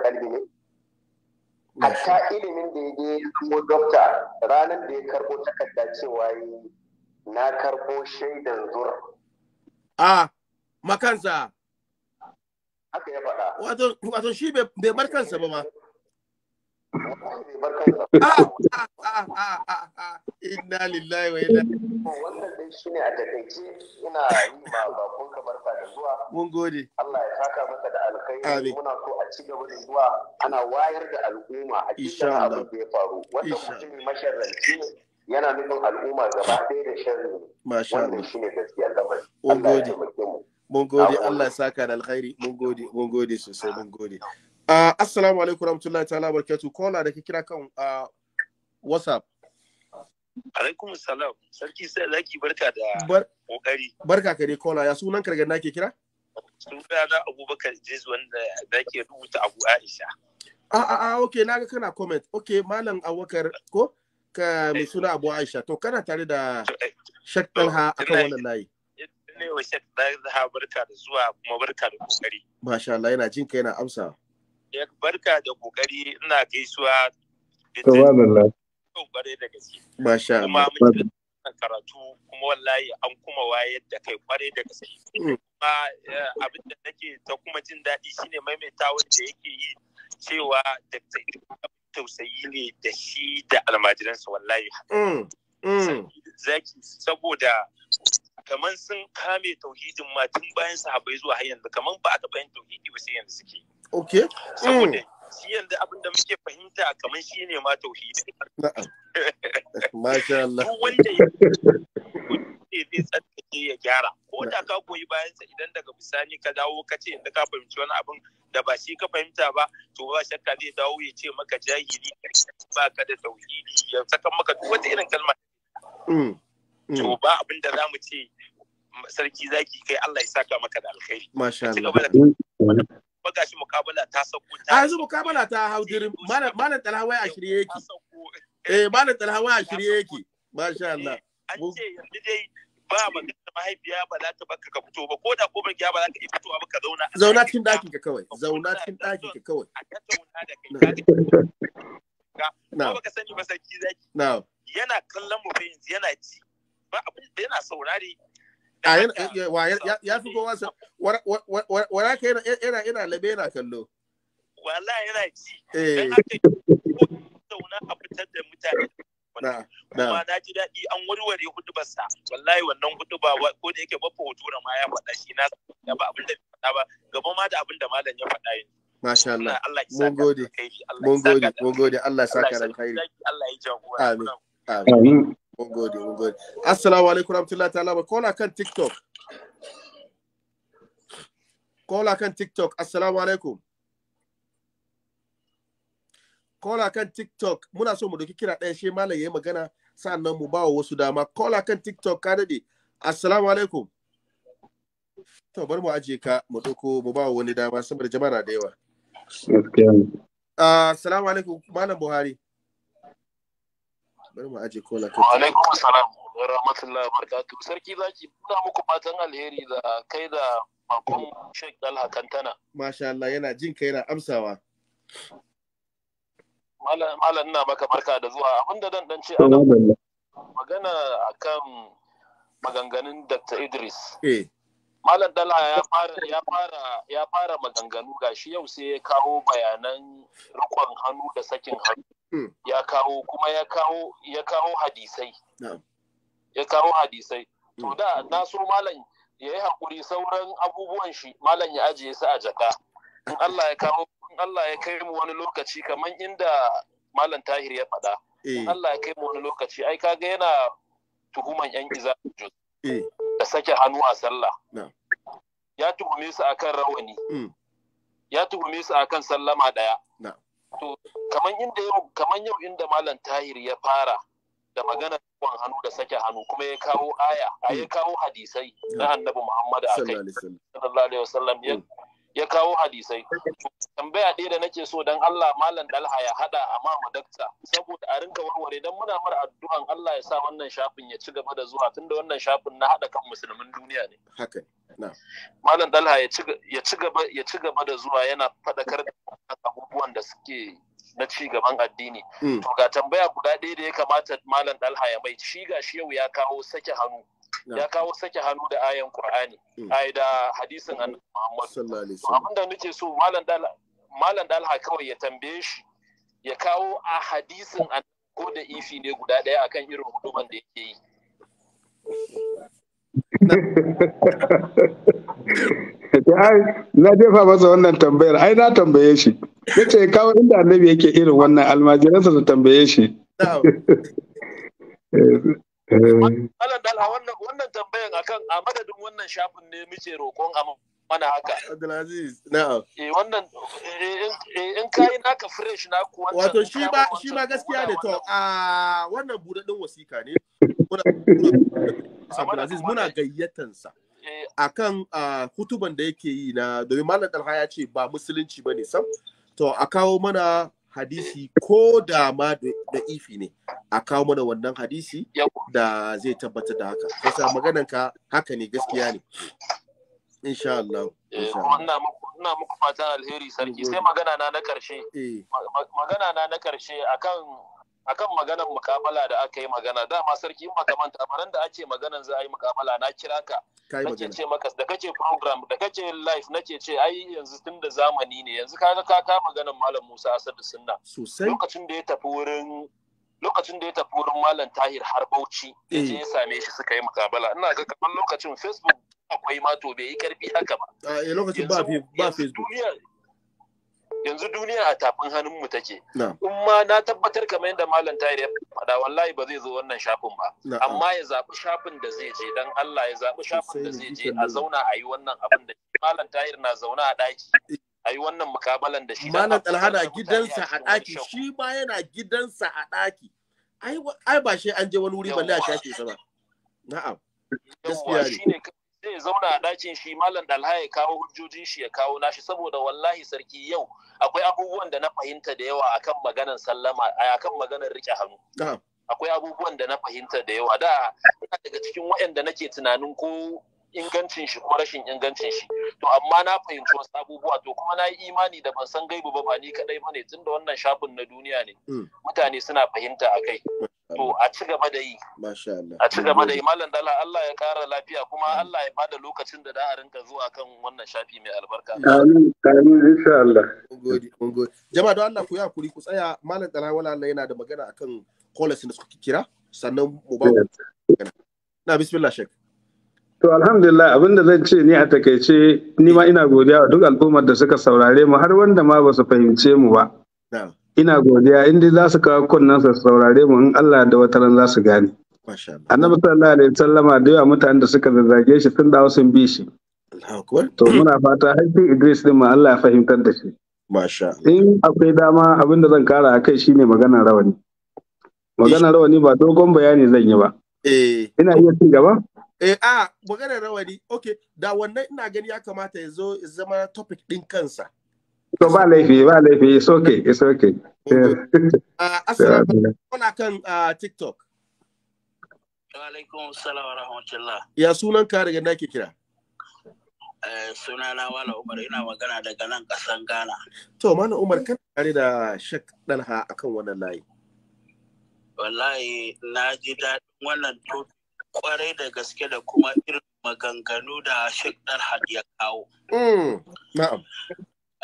kalbi ne hatta ilimin da ya je zamo dokta ranar da ya karɓo takarda cewa yi na karɓo shaidan zur Ah, makansa wato shi bai bar kansa ba ma ah, ah, ah, Inna lillahi wa inna Wannan dai shi ne a takaice ina yi ma bakon ka barka da zuwa. Mun gode. Allah ya saka maka da alkhairi. Muna so a ci gaba da zuwa ana wayar da al'umma a cikin abin da ya faru. Wannan masharranci ne yana nufin al'umma gaba ɗaya da sharri. Masha Allah. Wannan shi ne Mun gode. mun gode Allah saka da alkhairi mun gode mun gode sosai mun gode uh, assalamu alaikum warahmatullahi ta'ala barkatu kola da ke kira kan uh, whatsapp alaikum salam sarki sai zaki barka da kokari barka ka dai kola ya sunan na ke kira da abubakar jiz wanda ke rubuta abu aisha a ah, a a okay naga kana comment okay malam abubakar ko ka mai suna abu aisha to kana tare da shakkan ha akan wannan layi ne wa Sheikh Zaha barka da zuwa kuma barka da kokari. Masha Allah yana jin kai na amsa. Ya barka da kokari ina gaisuwa. Subhanallah. Kokare da gaske. Masha Allah. Kuma mun karatu kuma wallahi an kuma wayar da kai kware da gaske. Mm. Kuma eh, abin da nake ta kuma jin daɗi shine maimaita wanda yake yi cewa da tausayi ne da shi da almajiransa wallahi. Mm, mm. Zaki saboda kamar sun kame tauhidin ma tun bayan sahabbai zuwa har yanzu kamar ba a taɓa yin tauhidi ba sai yanzu suke okay saboda mm. shi yanzu abin da muke fahimta kamar shi ne ma tauhidi masha Allah wanda ya zai tsarkake ya gyara ko da ka goyi bayansa idan daga bisani ka dawo ka ce yanzu ka fahimci wani abin da ba shi ka fahimta ba to ba shakka zai dawo ya ce maka jahili ba ka da tauhidi ya saka maka duk wata irin kalma mm. to mm. ba abin da mu ce sarki zaki kai Allah ya saka maka da alkhairi masha Allah baka shi mukabala ta sauko ta a yanzu mukabala ta hau dirin malam talhawai a shirye yake eh malam talhawai a shirye yake masha eh, Allah an ce yanzu dai ba magana mahaifiya ba za ta baka ka fito ba ko da ko barkiya ba za ka fito ba ka zauna zauna cikin ɗakin ka kawai zauna cikin ɗakin ka kawai a tattauna da kai ka baka sani ba sarki zaki yana kallon mu fa yanzu yana ji ba abin da yana saurari ya fi kowa sa wara ka yana yana labe yana kallo wala yana ji eh. dan aka zauna a fitar da mutane kuma na ji daɗi an warware hudubarsa wallahi wannan huduba ko da yake bafa hoto da ma ya faɗa shi na da ba abin da ya faɗa ba gaba ma da abin da malam ya faɗa yanzu Masha Allah, mun gode, mun gode, mun gode, Allah ya saka alkhairi. Allah ya jagora. Amin. Amin. Mun gode, mun gode. Assalamu alaikum rahmatullahi ta'ala ba kola kan TikTok. Kola kan TikTok. Assalamu alaikum. Kola kan TikTok. Muna so mu doki kira ɗaya shi malam yayi magana sannan mu ba wasu dama. Kola kan TikTok ka dade. Assalamu alaikum. To bari mu aje ka mu doko mu ba wani dama saboda jama'a da yawa. Ah, assalamu alaikum Malam Buhari. bari mu aje kola kai wa alaikum salam wa rahmatullahi wa barakatuh sarki zaki muna muku fatan alheri da kai da bakon Sheikh Dalha Kantana masha Allah yana jin kai na amsawa malam ina maka barka da zuwa abinda dan dan ce a magana akan maganganun Dr. Idris eh. Malam Dala ya fara ya fara ya fara maganganu gashi yau sai ya kawo bayanan rikon hannu da sakin hannu Hmm. ya kawo kuma ya kawo ya kawo hadisai ya kawo hadisai to hmm. da na so malam ya yi hakuri sauran abubuwan shi malam ya ajiye su a jaka in Allah ya kawo in Allah ya kai mu wani lokaci kaman inda malam Tahir ya faɗa in eh. Allah ya kai mu wani lokaci ai kaga yana tuhuman yan iza eh. da sake hannu a sallah ya tuhume su akan rawani hmm. ya tuhume su akan sallama daya to kamar inda yau kamar yau inda malam tahir ya fara da magana kan hannu da sake hannu kuma ya kawo aya a ya mm. kawo hadisai na mm. annabi muhammad a kai sallallahu alaihi wasallam ya mm. ya kawo hadisai tambaya ɗaya da nake so don Allah malam dalha ya haɗa, a mamu dakta saboda a rinka warware don muna mara addu'an Allah ya sa wannan shafin ya ci gaba da zuwa tunda wannan shafin na haɗa kan musulmin duniya ne haka malam dalha ya ci gaba ya ci gaba da zuwa yana faɗakar da abubuwan da suke na ci gaban addini hmm. to ga tambaya guda ɗaya da ya kamata malam dalha ya mai shi yau ya kawo sake hannu ya kawo sake hannu da ayan Qur'ani hmm. ai da hadisin Annabi Muhammad sallallahu alaihi wasallam abinda nake so malam da malam dalha kawai ya tambaye shi ya kawo a hadisin Annabi ko da ifi ne guda daya akan irin huduman da yake yi na jefa masa wannan tambayar ai na tambaye shi ya ce kawo inda annabi yake irin wannan almajiransa su tambaye shi Alan wannan tambayan akan a madadin wannan shafin ne muke roƙon a mana haka. Abdulaziz, na'am. Eh wannan eh, eh, in eh, kayi naka fresh na ku wannan. Wato shi ba shi ba gaskiya ne to a wannan budadin wasika ne. Abdulaziz muna gayyatan sa. Akan kutuban da yake yi na domin Malam Dalha ya ce ba musulunci bane sam. To a kawo mana hadisi ko da ma da ifi ne a kawo mana wannan hadisi da zai tabbatar da haka kasa maganan ka haka ne gaskiya ne insha Allah eh, ina muku fatan alheri sarki sai magana na na karshe eh. magana na na karshe akan akan maganar mukamala da aka yi magana dama sarki in baka manta ran da ake maganar za a yi mukamala na kira ka nake ce maka da kace program da kace life nake ce ai yanzu tun da zamani ne yanzu kaga ka ka maganar malam Musa Asadu Sunna lokacin da ya tafi wurin lokacin da ya tafi wurin malam Tahir Harbauchi. Bauchi ya eh. same shi suka yi mukamala. ina ga kamar lokacin Facebook akwai ma to bai yi karfi haka ba a ah, eh, lokacin ba ba Facebook yanzu duniya a tafin hannun mu take in ma na tabbatar kamar yadda malam tayir ya faɗa wallahi ba zai zo wannan shafin ba amma ya zaɓi shafin da zai je dan Allah ya zaɓi shafin da zai je a zauna a yi wannan abin da malam tayir na zauna a ɗaki a yi wannan mukabalan da shi malam talhada gidansa a ɗaki shi ma yana gidansa a ɗaki ai ba shi an je wani wuri balle a shafe sa ba na'am gaskiya ne zai zauna a ɗakin shi malam dalha ya kawo hujjojin shi ya kawo nashi saboda wallahi sarki yau akwai abubuwan da na fahimta da yawa akan maganar sallama akan maganar rike hannu akwai abubuwan da na fahimta da yawa da daga cikin waɗanda nake tunanin ko ingancin shi ko rashin ingancin shi to amma na fahimci wasu abubuwa to kuma na yi imani da ban san gaibu ba ba ni kadai bane tunda wannan shafin na duniya ne mm. mutane suna fahimta a kai to a ci gaba da yi a ci gaba da yi malam dala Allah ya kara lafiya kuma mm. Allah ya bada lokacin da da a rinka zuwa kan wannan shafi mai albarka amin amin insha Allah mun gode jama'a don Allah ku ya kuri ku tsaya malam dala wala Allah yana da magana akan kolasin da suka kira sannan mu ba na bismillah shek To alhamdulillah abin da zan ce ni a takaice ni ma ina godiya wa duk al'ummar da suka saurare mu har wanda ma ba su fahimce mu ba. Ina godiya in dai za su kawo kunnen su saurare mu in Allah da wata ran za su gane. Annabi sallallahu alaihi wasallama da yawa mutanen da suka zazzage shi sun dawo sun bi shi. To muna fata haifin Idris din ma Allah ya fahimtar da shi. In akwai dama abin da zan kara a kai shine maganar rawani. Maganar rawani ba dogon bayani zan yi ba. Eh. Ina iya ci gaba? Eh, a maganar rawani, ok, da wannan ina gani ya kamata ya zo zama topic ɗin kansa. To ba laifi, ba laifi, it's okay, it's okay. Ah, assalamu alaikum, kan ah, TikTok. Alaikum salam wa rahmatullah. Ya sunan ka daga nake kira? Eh, sunana Wala Umar, ina magana daga nan ƙasan Ghana. To, mana Umar, kan tare da Shek Dalha akan wannan layi. Wallahi, na ji daɗin wannan topic kwarai da gaske da kuma irin maganganu da ɗan Dalhat ya kawo. Mm,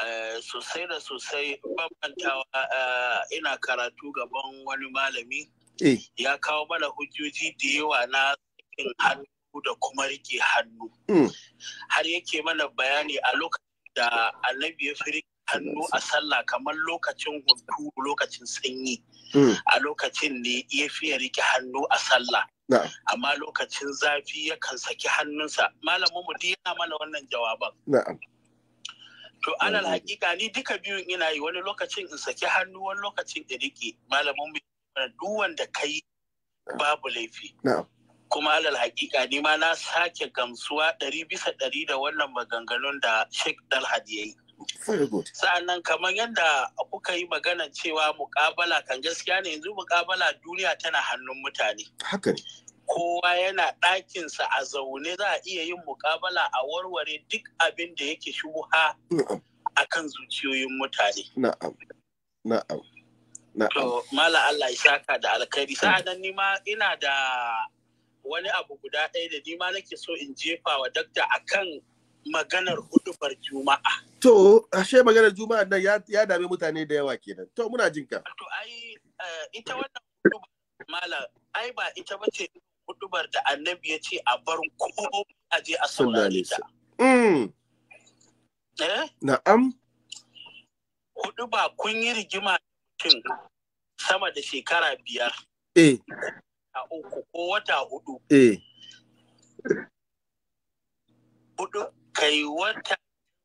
eh, sosai da sosai bambantawa eh, ina karatu gaban wani malami. Eh. Ya kawo mana hujjoji da yawa na tsakin hannu da kuma rike hannu. Mm. Har yake mana bayani a lokacin da annabi ya fi hannu a sallah kamar lokacin hutu lokacin sanyi hmm. a lokacin ne ya fiye rike hannu a sallah amma lokacin zafi yakan saki hannunsa malamin mu yana mana wannan jawaban to alal hakika ni duka biyun ina yi wani lokacin in saki hannu wani lokacin in rike malamin mu duk wanda kai babu laifi kuma alal hakika ni ma na sake gamsuwa ɗari bisa ɗari da wannan maganganun da Sheikh Dalhad ya yi. Sa'annan kamar yadda kuka yi magana cewa mukabala kan gaskiya ne yanzu mukabala duniya tana hannun mutane. Haka Kowa yana ɗakinsa a zaune za a iya yin mukabala a warware duk abin da yake shuha a kan zuciyoyin mutane. Na'am. Na'am. Na'am. Mala Allah ya saka da alkhairi. Sa'annan ni ma ina da wani abu guda ɗaya da ni ma nake so in jefa wa dakta akan maganar hudubar juma'a. To, ashe maganar juma'a nan ya dame mutane da yawa kenan. To, muna jin ka. To, ai, eh, ita wannan hudubar mala, ai ba ita ba ce hudubar da annabi ya ce a bar ko a je a saurare ta. Mm. Eh? Na'am. Huduba kun yi rigima cikin sama da shekara biyar. Eh. A uku ko wata hudu. Eh. Hudu kai wata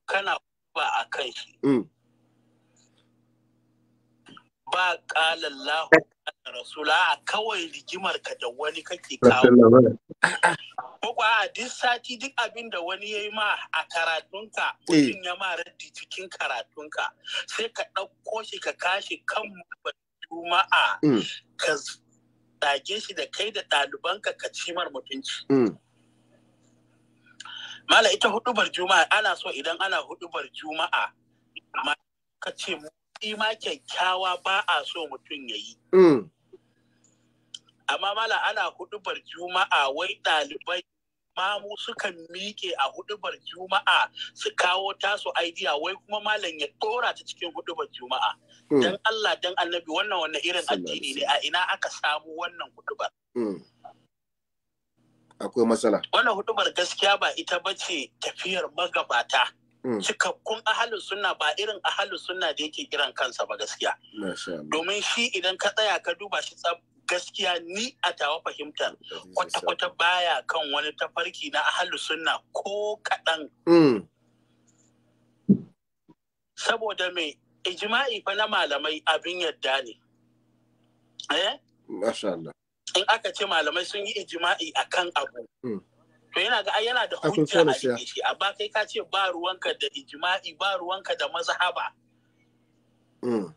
kana ba a kan shi mm. ba ƙalallahu rasula a kawai rigimar ka da wani kake kawo Boko a duk sati duk abin da wani ya yi ma a karatunka eh. mutum ya ma raddi cikin karatunka sai ka ɗauko shi ka kashi kan juma'a mm. ka zage shi da kai da ɗalibanka ka cimar mutunci. Mm. mala ita hudubar juma'a ana so idan ana hudubar juma'a ma ka ce ma kyakkyawa ba a so mutum ya yi mm. amma mala ana hudubar juma'a wai ɗalibai mamu sukan miƙe a hudubar juma'a su kawo tasu idea wai kuma malam ya ɗora ta cikin hudubar juma'a mm. dan Allah dan annabi wannan wannan irin addini ne a ina aka samu wannan hudubar mm. akwai matsala wannan hudubar gaskiya ba ita ba ce tafiyar magabata hmm. cikakkun ahalin sunna ba irin ahalin sunna da yake kiran kansa ba gaskiya domin shi idan ka tsaya ka duba shi tsab gaskiya ni a tawa fahimtar kwata-kwata baya kan wani tafarki na ahalin sunna ko kaɗan. Hmm. Saboda mai ijima'i fa na malamai abin yadda ne. Eh? in aka ce malamai sun yi ijima'i a kan abu hmm. to yana ga yana da hujja a cikin shi a ba kai ka ce ba ruwanka da ijima'i ba ruwanka da mazhaba hmm.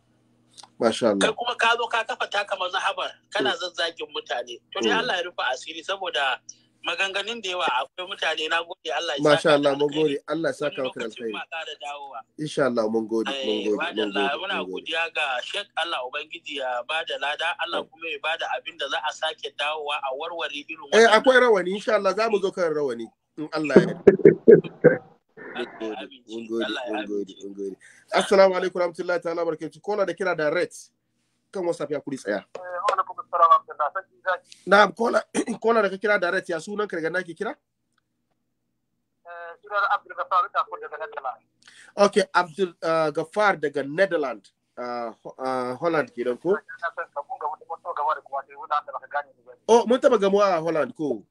Kai kuma ka zo ka kafa taka mazhabar kana hmm. zazzagin mutane. To ne Allah ya rufe asiri saboda maganganun da yawa akwai mutane na gode Allah ya saka Allah mun gode Allah ya saka maka alkhairi. Insha Allah mun gode mun eh, gode mun gode. Muna godiya ga Sheikh Allah Ubangiji ya bada lada Allah kuma ya bada abin da za a sake dawowa a warware irin wannan. Eh akwai rawani insha Allah za mu zo kan rawani in Allah ya Mun gode mun gode mun gode. Assalamu alaikum warahmatullahi ta'ala Kona da kira da Red kan WhatsApp ya kuri tsaya. Eh, assalamu kola kola da ka kira ya sunan na ke kira eh, Abdul Gaffar daga Netherlands okay eh, eh, Holland kenan ko Oh, mun taba gamuwa a Holland ko?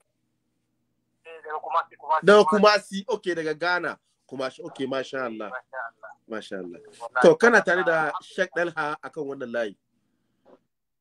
Daga Kumasi, ok, daga Ghana. Kumasi, ok, masha Allah. Masha Allah. To, kana tare da Sheikh Dalha akan wannan layi.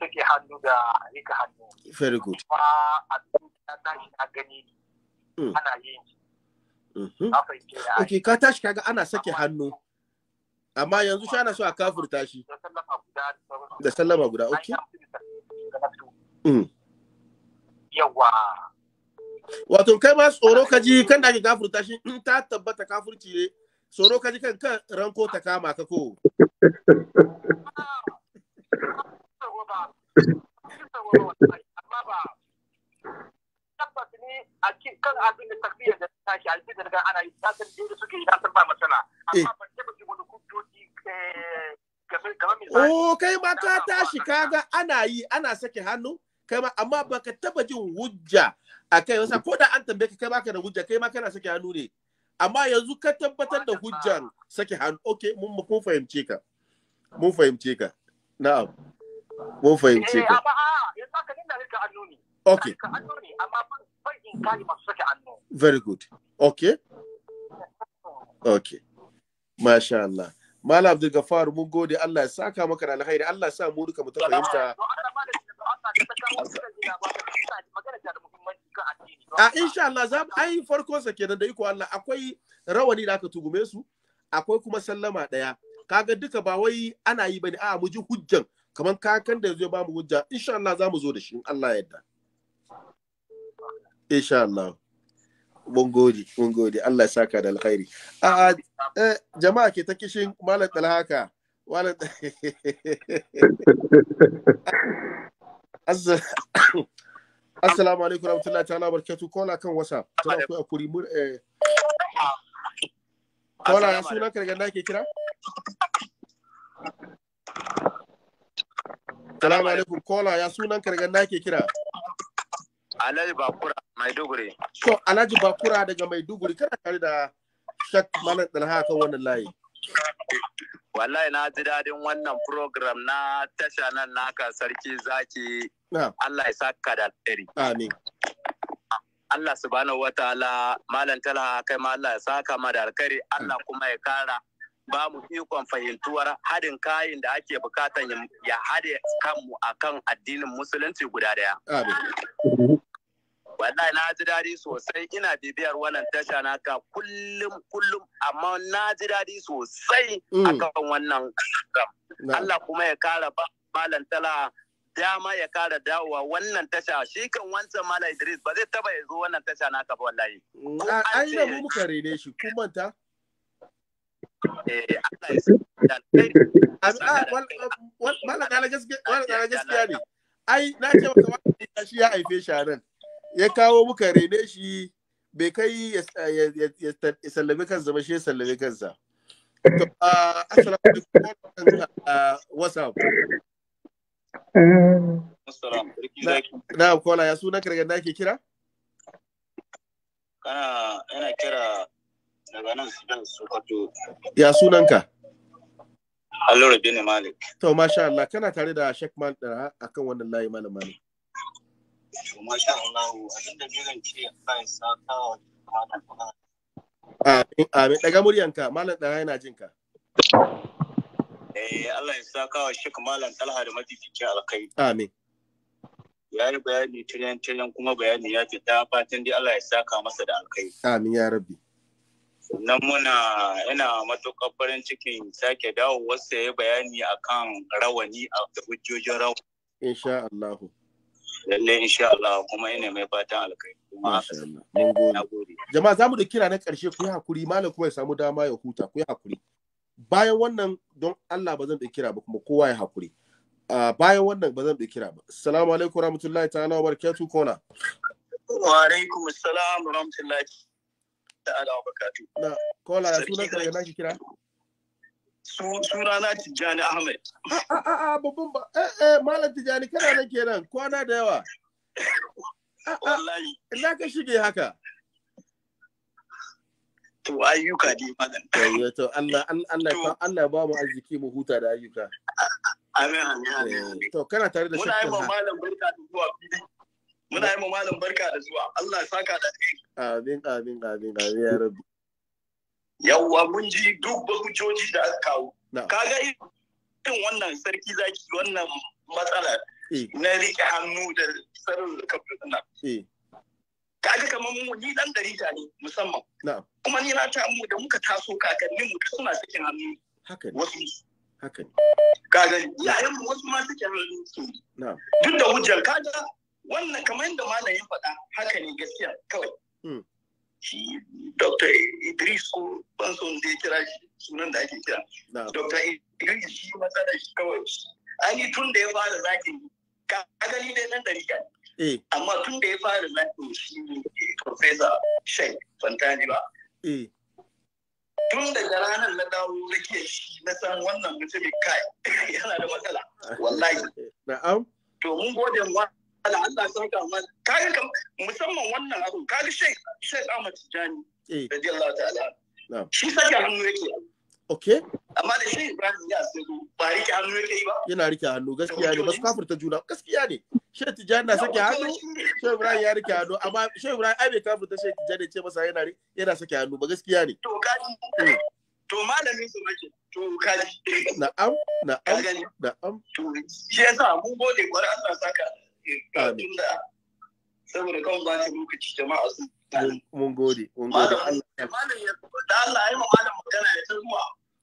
take hannu da rika hannu. Very good. Kuma a tashi a gani hmm. ana yin. Mhm. Ok, ka tashi kaga ana sake hannu. Amma yanzu shi ana so a kafur tashi. Da sallama guda, ok? Hmm. Yawa. Wato kai ma tsoro ka ji kan da ake kafur tashi in ta tabbata kafurci ne, tsoro ka ji kan kan ranko ta kama ka ko. Ah. tabbas ne a ta shi kai ma ka tashi kaga ana yi ana sake hannu kai ma amma baka taba jin hujja akai wasa ko da an tambaye ka kai ma kana hujja kai ma kana sake hannu ne amma yanzu ka tabbatar da hujjar sake hannu okay mun mu fahimce ka mun fahimce ka na'am mun fahimce eh, ka ah, okay very good okay okay masha Allah Malam Abdul Gafar mun gode Allah ya saka maka da alkhairi Allah sa mu duka mu ta fahimta a insha Allah za mu ai farkon sa kenan da iko Allah akwai rawani da aka tugume su akwai kuma sallama daya kaga duka ba wai ana yi bane a mu ji hujjan kamar kakan da zai ba mu hujja insha Allah za mu zo da shi in Allah yadda insha Allah mun gode mun gode Allah ya saka da alkhairi a eh, jama'a ke ta kishin malam talhaka malam Assalamu alaikum warahmatullahi ta'ala barkatu kola kan wasa tana ku akuri mur eh kola sunan ka daga nake kira Salamu alaikum kola ya sunan kargan da ke kira. Alhaji Bakura Maiduguri. To Alhaji Bakura daga Maiduguri kana tare da Shak Malam Dalha kan wannan layi. Wallahi na ji daɗin wannan program na tasha nan naka sarki zaki. Allah ya saka da alheri. Amin. Allah subhanahu wa ta'ala malam talha kai ma Allah ya saka ma da alkhairi Allah kuma ya kara ba mu ikon fahimtuwar haɗin kayan da ake bukatan ya haɗe kanmu akan addinin musulunci guda daya. wallahi na ji daɗi sosai ina bibiyar wannan tasha na ka kullum kullum amma na ji daɗi sosai mm. a kan wannan Allah kuma ya kara ba malam tala dama ya kara dawowa wannan tasha shi kan wancan malam Idris ba zai taba ya zo wannan tasha na ka ba wallahi. An da mu muka rene shi kuma manta? Eh, Allah ya ah, gaskiya ne. na ce maka shi ya haife shi Ya kawo muka rene shi bai kai ya sallame kansa ba shi ya sallame kansa. Ah, assalamu alaikum ah, WhatsApp. Na kola ya suna kargan da ake kira? Kana yana kira Daga nan Sudan Sokoto. Ya sunanka? Hallo Rabinu Malik. To masha Allah kana tare da Sheikh Malik a eh, akan wannan layi Malam Malik. To masha Allah abinda ne ce Allah ya saka wa Malam Amin amin daga muryanka Malam ɗara yana jinka. Eh Allah ya saka wa Sheikh Malik Talha da mafificin alkai. Amin. ya yi bayani tiryan tiryan kuma bayani ya fita fatan dai Allah ya saka masa da alkai. Amin ya rabbi. nan muna yana matuƙar farin cikin sake dawo wasu ya bayani akan rawani a da hujjojin rawani. Insha Allah. Lalle insha Allah kuma ina mai fatan alkai. Jama'a za mu da kira na ƙarshe ku yi hakuri malam kuma ya samu dama ya huta ku yi hakuri. Bayan wannan don Allah ba zan da kira ba kuma kowa ya hakuri. Bayan wannan ba zan da kira ba. Assalamu alaikum warahmatullahi ta'ala wa barakatuh kona. Wa alaikum assalam warahmatullahi ta'ala wa Na, kola ya na kira? Sunana Tijjani Ahmed. A a babban ba eh eh malam Tijjani kana nan kenan kwana da yawa. Wallahi. Ina ka shige haka. To ayyuka dai malam. To Allah Allah Allah ba mu arziki mu huta da ayyuka. Amin amin. Eh, to kana tare da shakka. Muna yi ma malam barka da zuwa fili. muna yi malam barka da zuwa Allah saka da amin amin amin amin ya rabu yawwa mun ji duk hujjoji da aka kawo kaga irin wannan sarki zaki wannan matsala eh. na riƙe hannu da da kafin eh. Ka kaga kamar mu ni dan darita ne musamman kuma ni na ta mu da muka taso kakannin mu suna cikin hannu wasu haka kaga iyayen mu wasu ma cikin hannu duk da hujjar kaga wannan kamar yadda malam faɗa haka ne gaskiya kawai hmm. shi dr idris ko ban son zai kira shi sunan da ake kira dr idris shi matsala shi kawai ani tun da ya fara zakin ka gani dai nan dari kan. Eh. amma tun da ya fara zakin shi ne professor shai fantani ba eh. tun daga ranar na dawo rake shi na san wannan mutumin kai yana da matsala wallahi na'am to mun gode wa Allah Allah ya saka mana kaga kam musamman wannan abu kaga shek shek Ahmad Tijani eh. radiyallahu ta'ala shi sake hannu yake Okay. Amma da shi Ibrahim ya sai ba rike hannu yake yi ba. Yana rike hannu gaskiya ne ba basu kafurta juna gaskiya ne. Shehu Tijani na sake hannu, Shehu Ibrahim ya rike hannu amma Shehu Ibrahim ai bai kafurta Shehu Tijani ce masa yana yana sake hannu ba gaskiya ne. To kaji eh. to malamin su nake to kaji. Na'am na'am na'am. To shi yasa mun gode kwarai Allah saka saboda kan ba ta lokaci jama'a sun mun gode mun gode Allah ya da Allah ai malam magana ya zuwa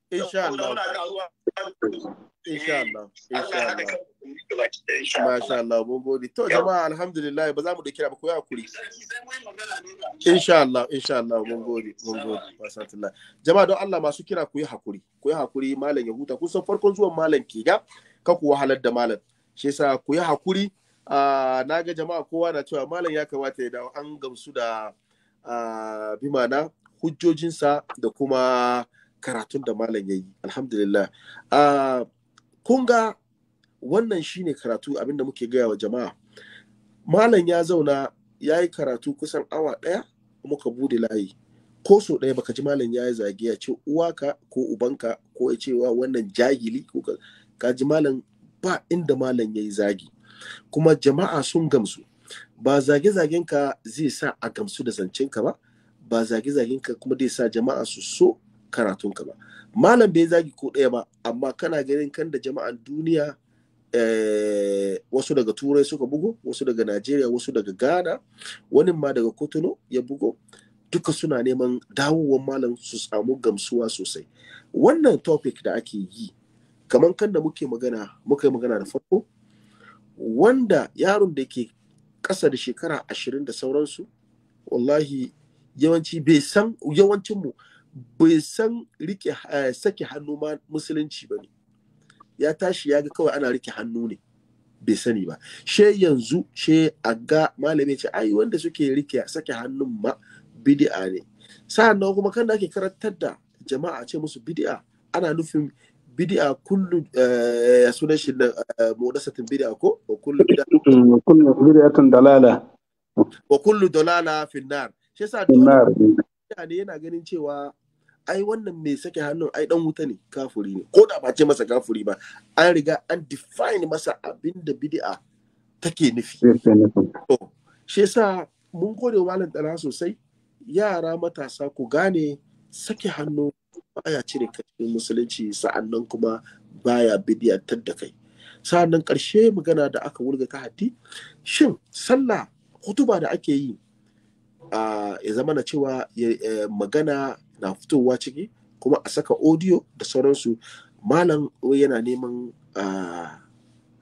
insha eh, Allah insha Allah insha Allah masha Allah mun gode to jama'a alhamdulillah ba za mu da kira ba ko ya kuri insha Allah insha Allah mun gode mun gode masha Allah jama'a don Allah masu kira ku yi hakuri ku yi hakuri malam ya huta kun san farkon zuwan malam ke ga ka ku wahalar da malam shi yasa ku yi hakuri na ga jama'a kowa na cewa malam ya kamata ya dawo an gamsu da bimana hujjojinsa da kuma karatun da malam ya yi alhamdulillah kun ga wannan shine karatu abinda muke gaya wa jama'a malam ya zauna ya yi karatu kusan awa ɗaya muka bude layi ko so ɗaya baka ji malam ya yi zage ya ce uwaka ko ubanka ko ya ce wa wannan jagili ko ka ji malam ba inda malam ya yi zagi kuma jama'a sun gamsu ba zage-zagen ka zai sa a gamsu da zancen ka ba ba zage-zagen ka kuma zai sa jama'a su so karatun ka ba malam bai zagi ko ɗaya ba amma kana ganin kan da jama'an duniya eh, wasu daga turai suka bugo wasu daga najeriya wasu daga ghana wani ma daga kotono ya bugo duka suna neman dawowar malam su samu gamsuwa sosai wannan topic da ake yi kamar kan da muke magana muka yi magana da farko wanda yaron da ke ƙasa da shekara ashirin da sauransu wallahi yawanci bai san yawancinmu bai san rike eh, sake hannu ma musulunci ba ne ya tashi ya ga kawai ana rike hannu ne bai sani ba she yanzu she a ga malami ce ai wanda suke rike sake hannun ma bid'a ne sa'annan kuma kan da ake karantar da jama'a ce musu bid'a ana nufin bid'a kullu eh, ya sunan shi na eh, munasatin bid'a ko wa kullu mm, dalala wa kullu dalala fi ne yana ganin cewa ai wannan mai sake hannun ai dan wuta ne kafuri ne ko da ba ce masa kafuri ba an riga an define masa abinda da bid'a take nufi shi yasa mun gode malam dala sosai yara matasa ku gane sake hannu baya cire cikin musulunci sa'annan kuma baya bidiyantar da kai sa'annan ƙarshe magana da aka wurga ka hatti shin sallah hutuba da ake yi ya zama na cewa magana na fitowa ciki kuma a saka audio da sauransu malam yana neman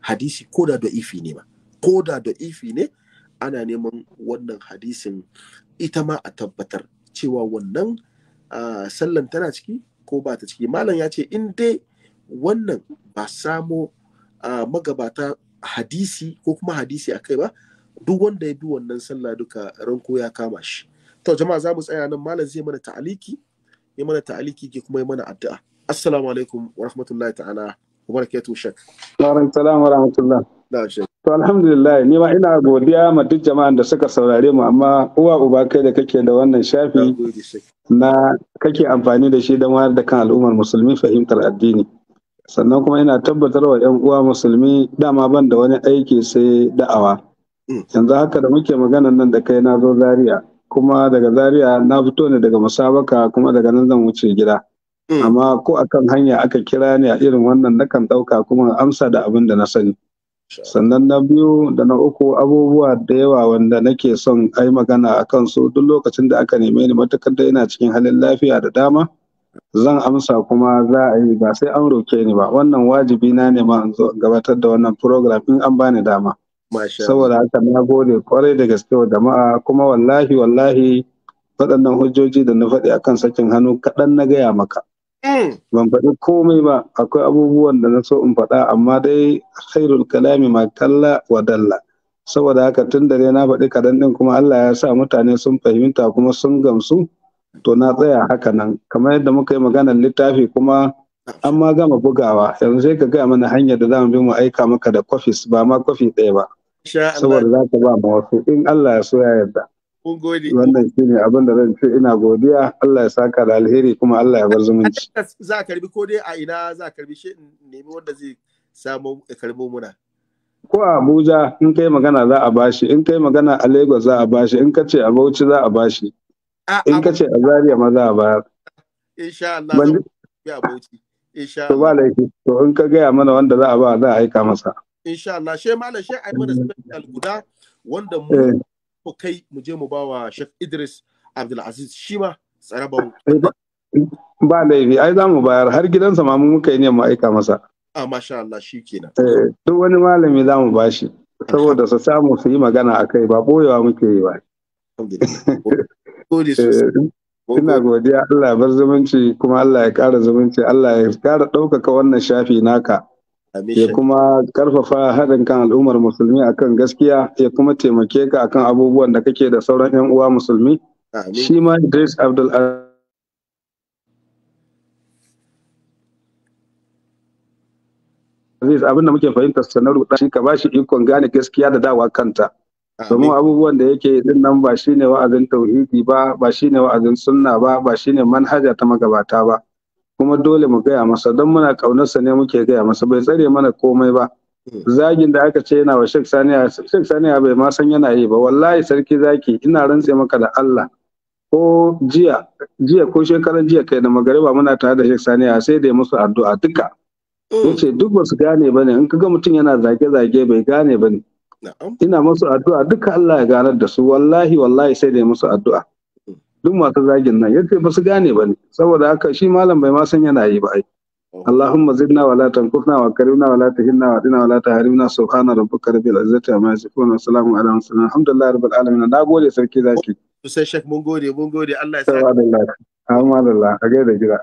hadisi ko da ifi ne ba ko da ifi ne ana neman wannan hadisin ita ma a tabbatar cewa wannan sallan tana ciki ko ba ta ciki malam ya ce in dai wannan ba samo magabata hadisi ko kuma hadisi a kai ba duk wanda ya bi wannan sallah duka ranko ya kama shi to jama'a za mu tsaya nan malam zai mana ta'aliki ya mana ta'aliki ke kuma ya mana addu'a assalamu alaikum wa rahmatullahi ta'ala wa barakatuhu shek wa rahmatullahi wa rahmatullah da shek To alhamdulillah ni ma ina godiya ma duk jama'an da suka saurare mu amma uwa uba kai da kake da wannan shafi na kake amfani da shi don wayar da kan al'ummar musulmi fahimtar addini. Sannan kuma ina tabbatar wa 'yan uwa musulmi dama ban da wani aiki sai da'awa. Mm. Yanzu haka da muke magana nan da kai na zo Zaria kuma daga Zaria na fito ne daga musabaka kuma daga nan zan wuce gida. Mm. Amma ko akan hanya aka kira ni a irin wannan nakan ɗauka kuma amsa da abin da na sani. sannan na biyu da na uku abubuwa da yawa wanda nake son ai magana a kansu duk lokacin da aka neme ni matakar da ina cikin halin lafiya da dama zan amsa kuma za a yi ba sai an roke ni ba wannan wajibi na ne ma gabatar da wannan program in an bani dama saboda haka na gode kwarai da gaske wa jama'a kuma wallahi wallahi waɗannan hujjoji da na faɗi akan sakin hannu kaɗan na gaya maka ban faɗi komai ba akwai abubuwan da na so in faɗa amma dai khairul kalami ma kalla wa dalla saboda haka tun da na faɗi kaɗan ɗin kuma Allah ya sa mutane sun fahimta kuma sun gamsu to na tsaya haka nan kamar yadda muka yi maganar littafi kuma an ma gama bugawa yanzu sai ka gaya mana hanyar da zamu bi mu aika maka da kwafis ba ma kwafi ɗaya ba saboda za ka ba ma wasu in Allah ya so ya yarda Mun gode. Wannan shi ne abin da zan ce ina godiya Allah ya saka da alheri kuma Allah ya bar zumunci. Za a karbi ko dai a ina za a karbi shi nemi wanda zai samu karbo muna. Ko a Abuja in kai magana za a bashi in kai magana a Lagos za a bashi in ka ce a Bauchi za a bashi. In ka ce a Zaria ma za a bayar. Insha Allah zan a Bauchi. Insha Allah. To ba laifi to in ka gaya mana wanda za a ba za a aika masa. Insha Allah she malam she ai mana eh. guda wanda mu eh. ko kai mu je mu ba wa Idris Abdulaziz shi ma tsarabar ba laifi ai za mu bayar har gidansa ma mun muka yi neman aika masa a masha Allah shi kenan eh, duk wani malami za mu bashi saboda su samu su yi magana a kai ba boyewa muke yi ba eh, ina godiya Allah ya bar zumunci kuma Allah ya kara zumunci Allah ya kara ɗaukaka wannan shafi naka ya kuma karfafa haɗin kan al'ummar musulmi akan gaskiya ya kuma taimake ka akan abubuwan da kake da sauran 'yan uwa musulmi shi ma idris abdul aziz abin da muke fahimta sanar da shi ka ba shi ikon gane gaskiya da dawa kanta domin abubuwan da yake din nan ba shine wa'azin tauhidi ba ba shine wa'azin sunna ba ba shine manhaja ta magabata ba kuma dole mu gaya masa don muna kaunarsa ne muke gaya masa bai tsare mana komai ba zagin da aka ce yana wa Sheikh Saniya Sheikh bai ma san yana yi ba wallahi sarki zaki ina rantse maka da Allah ko jiya jiya ko shekaran jiya kai da magariba muna tare da Sheikh Saniya sai da musu addu'a duka yace duk ba su gane ba ne in kaga mutum yana zage zage bai gane ba ne ina musu addu'a duka Allah ya ganar da su wallahi wallahi sai da musu addu'a duk masu zagin nan yake ba su gane ba ne saboda haka shi malam bai ma san yana yi ba ai Allahumma zidna wa la tanqusna wa karimna wa la tahinna wa adina wa la tahrimna subhana rabbika rabbil izzati amma yasifun wa salamu ala mursalin alhamdulillah rabbil alamin na gode sarki zaki to sai shek mun gode mun gode Allah ya sa Allah Allah a gaida gida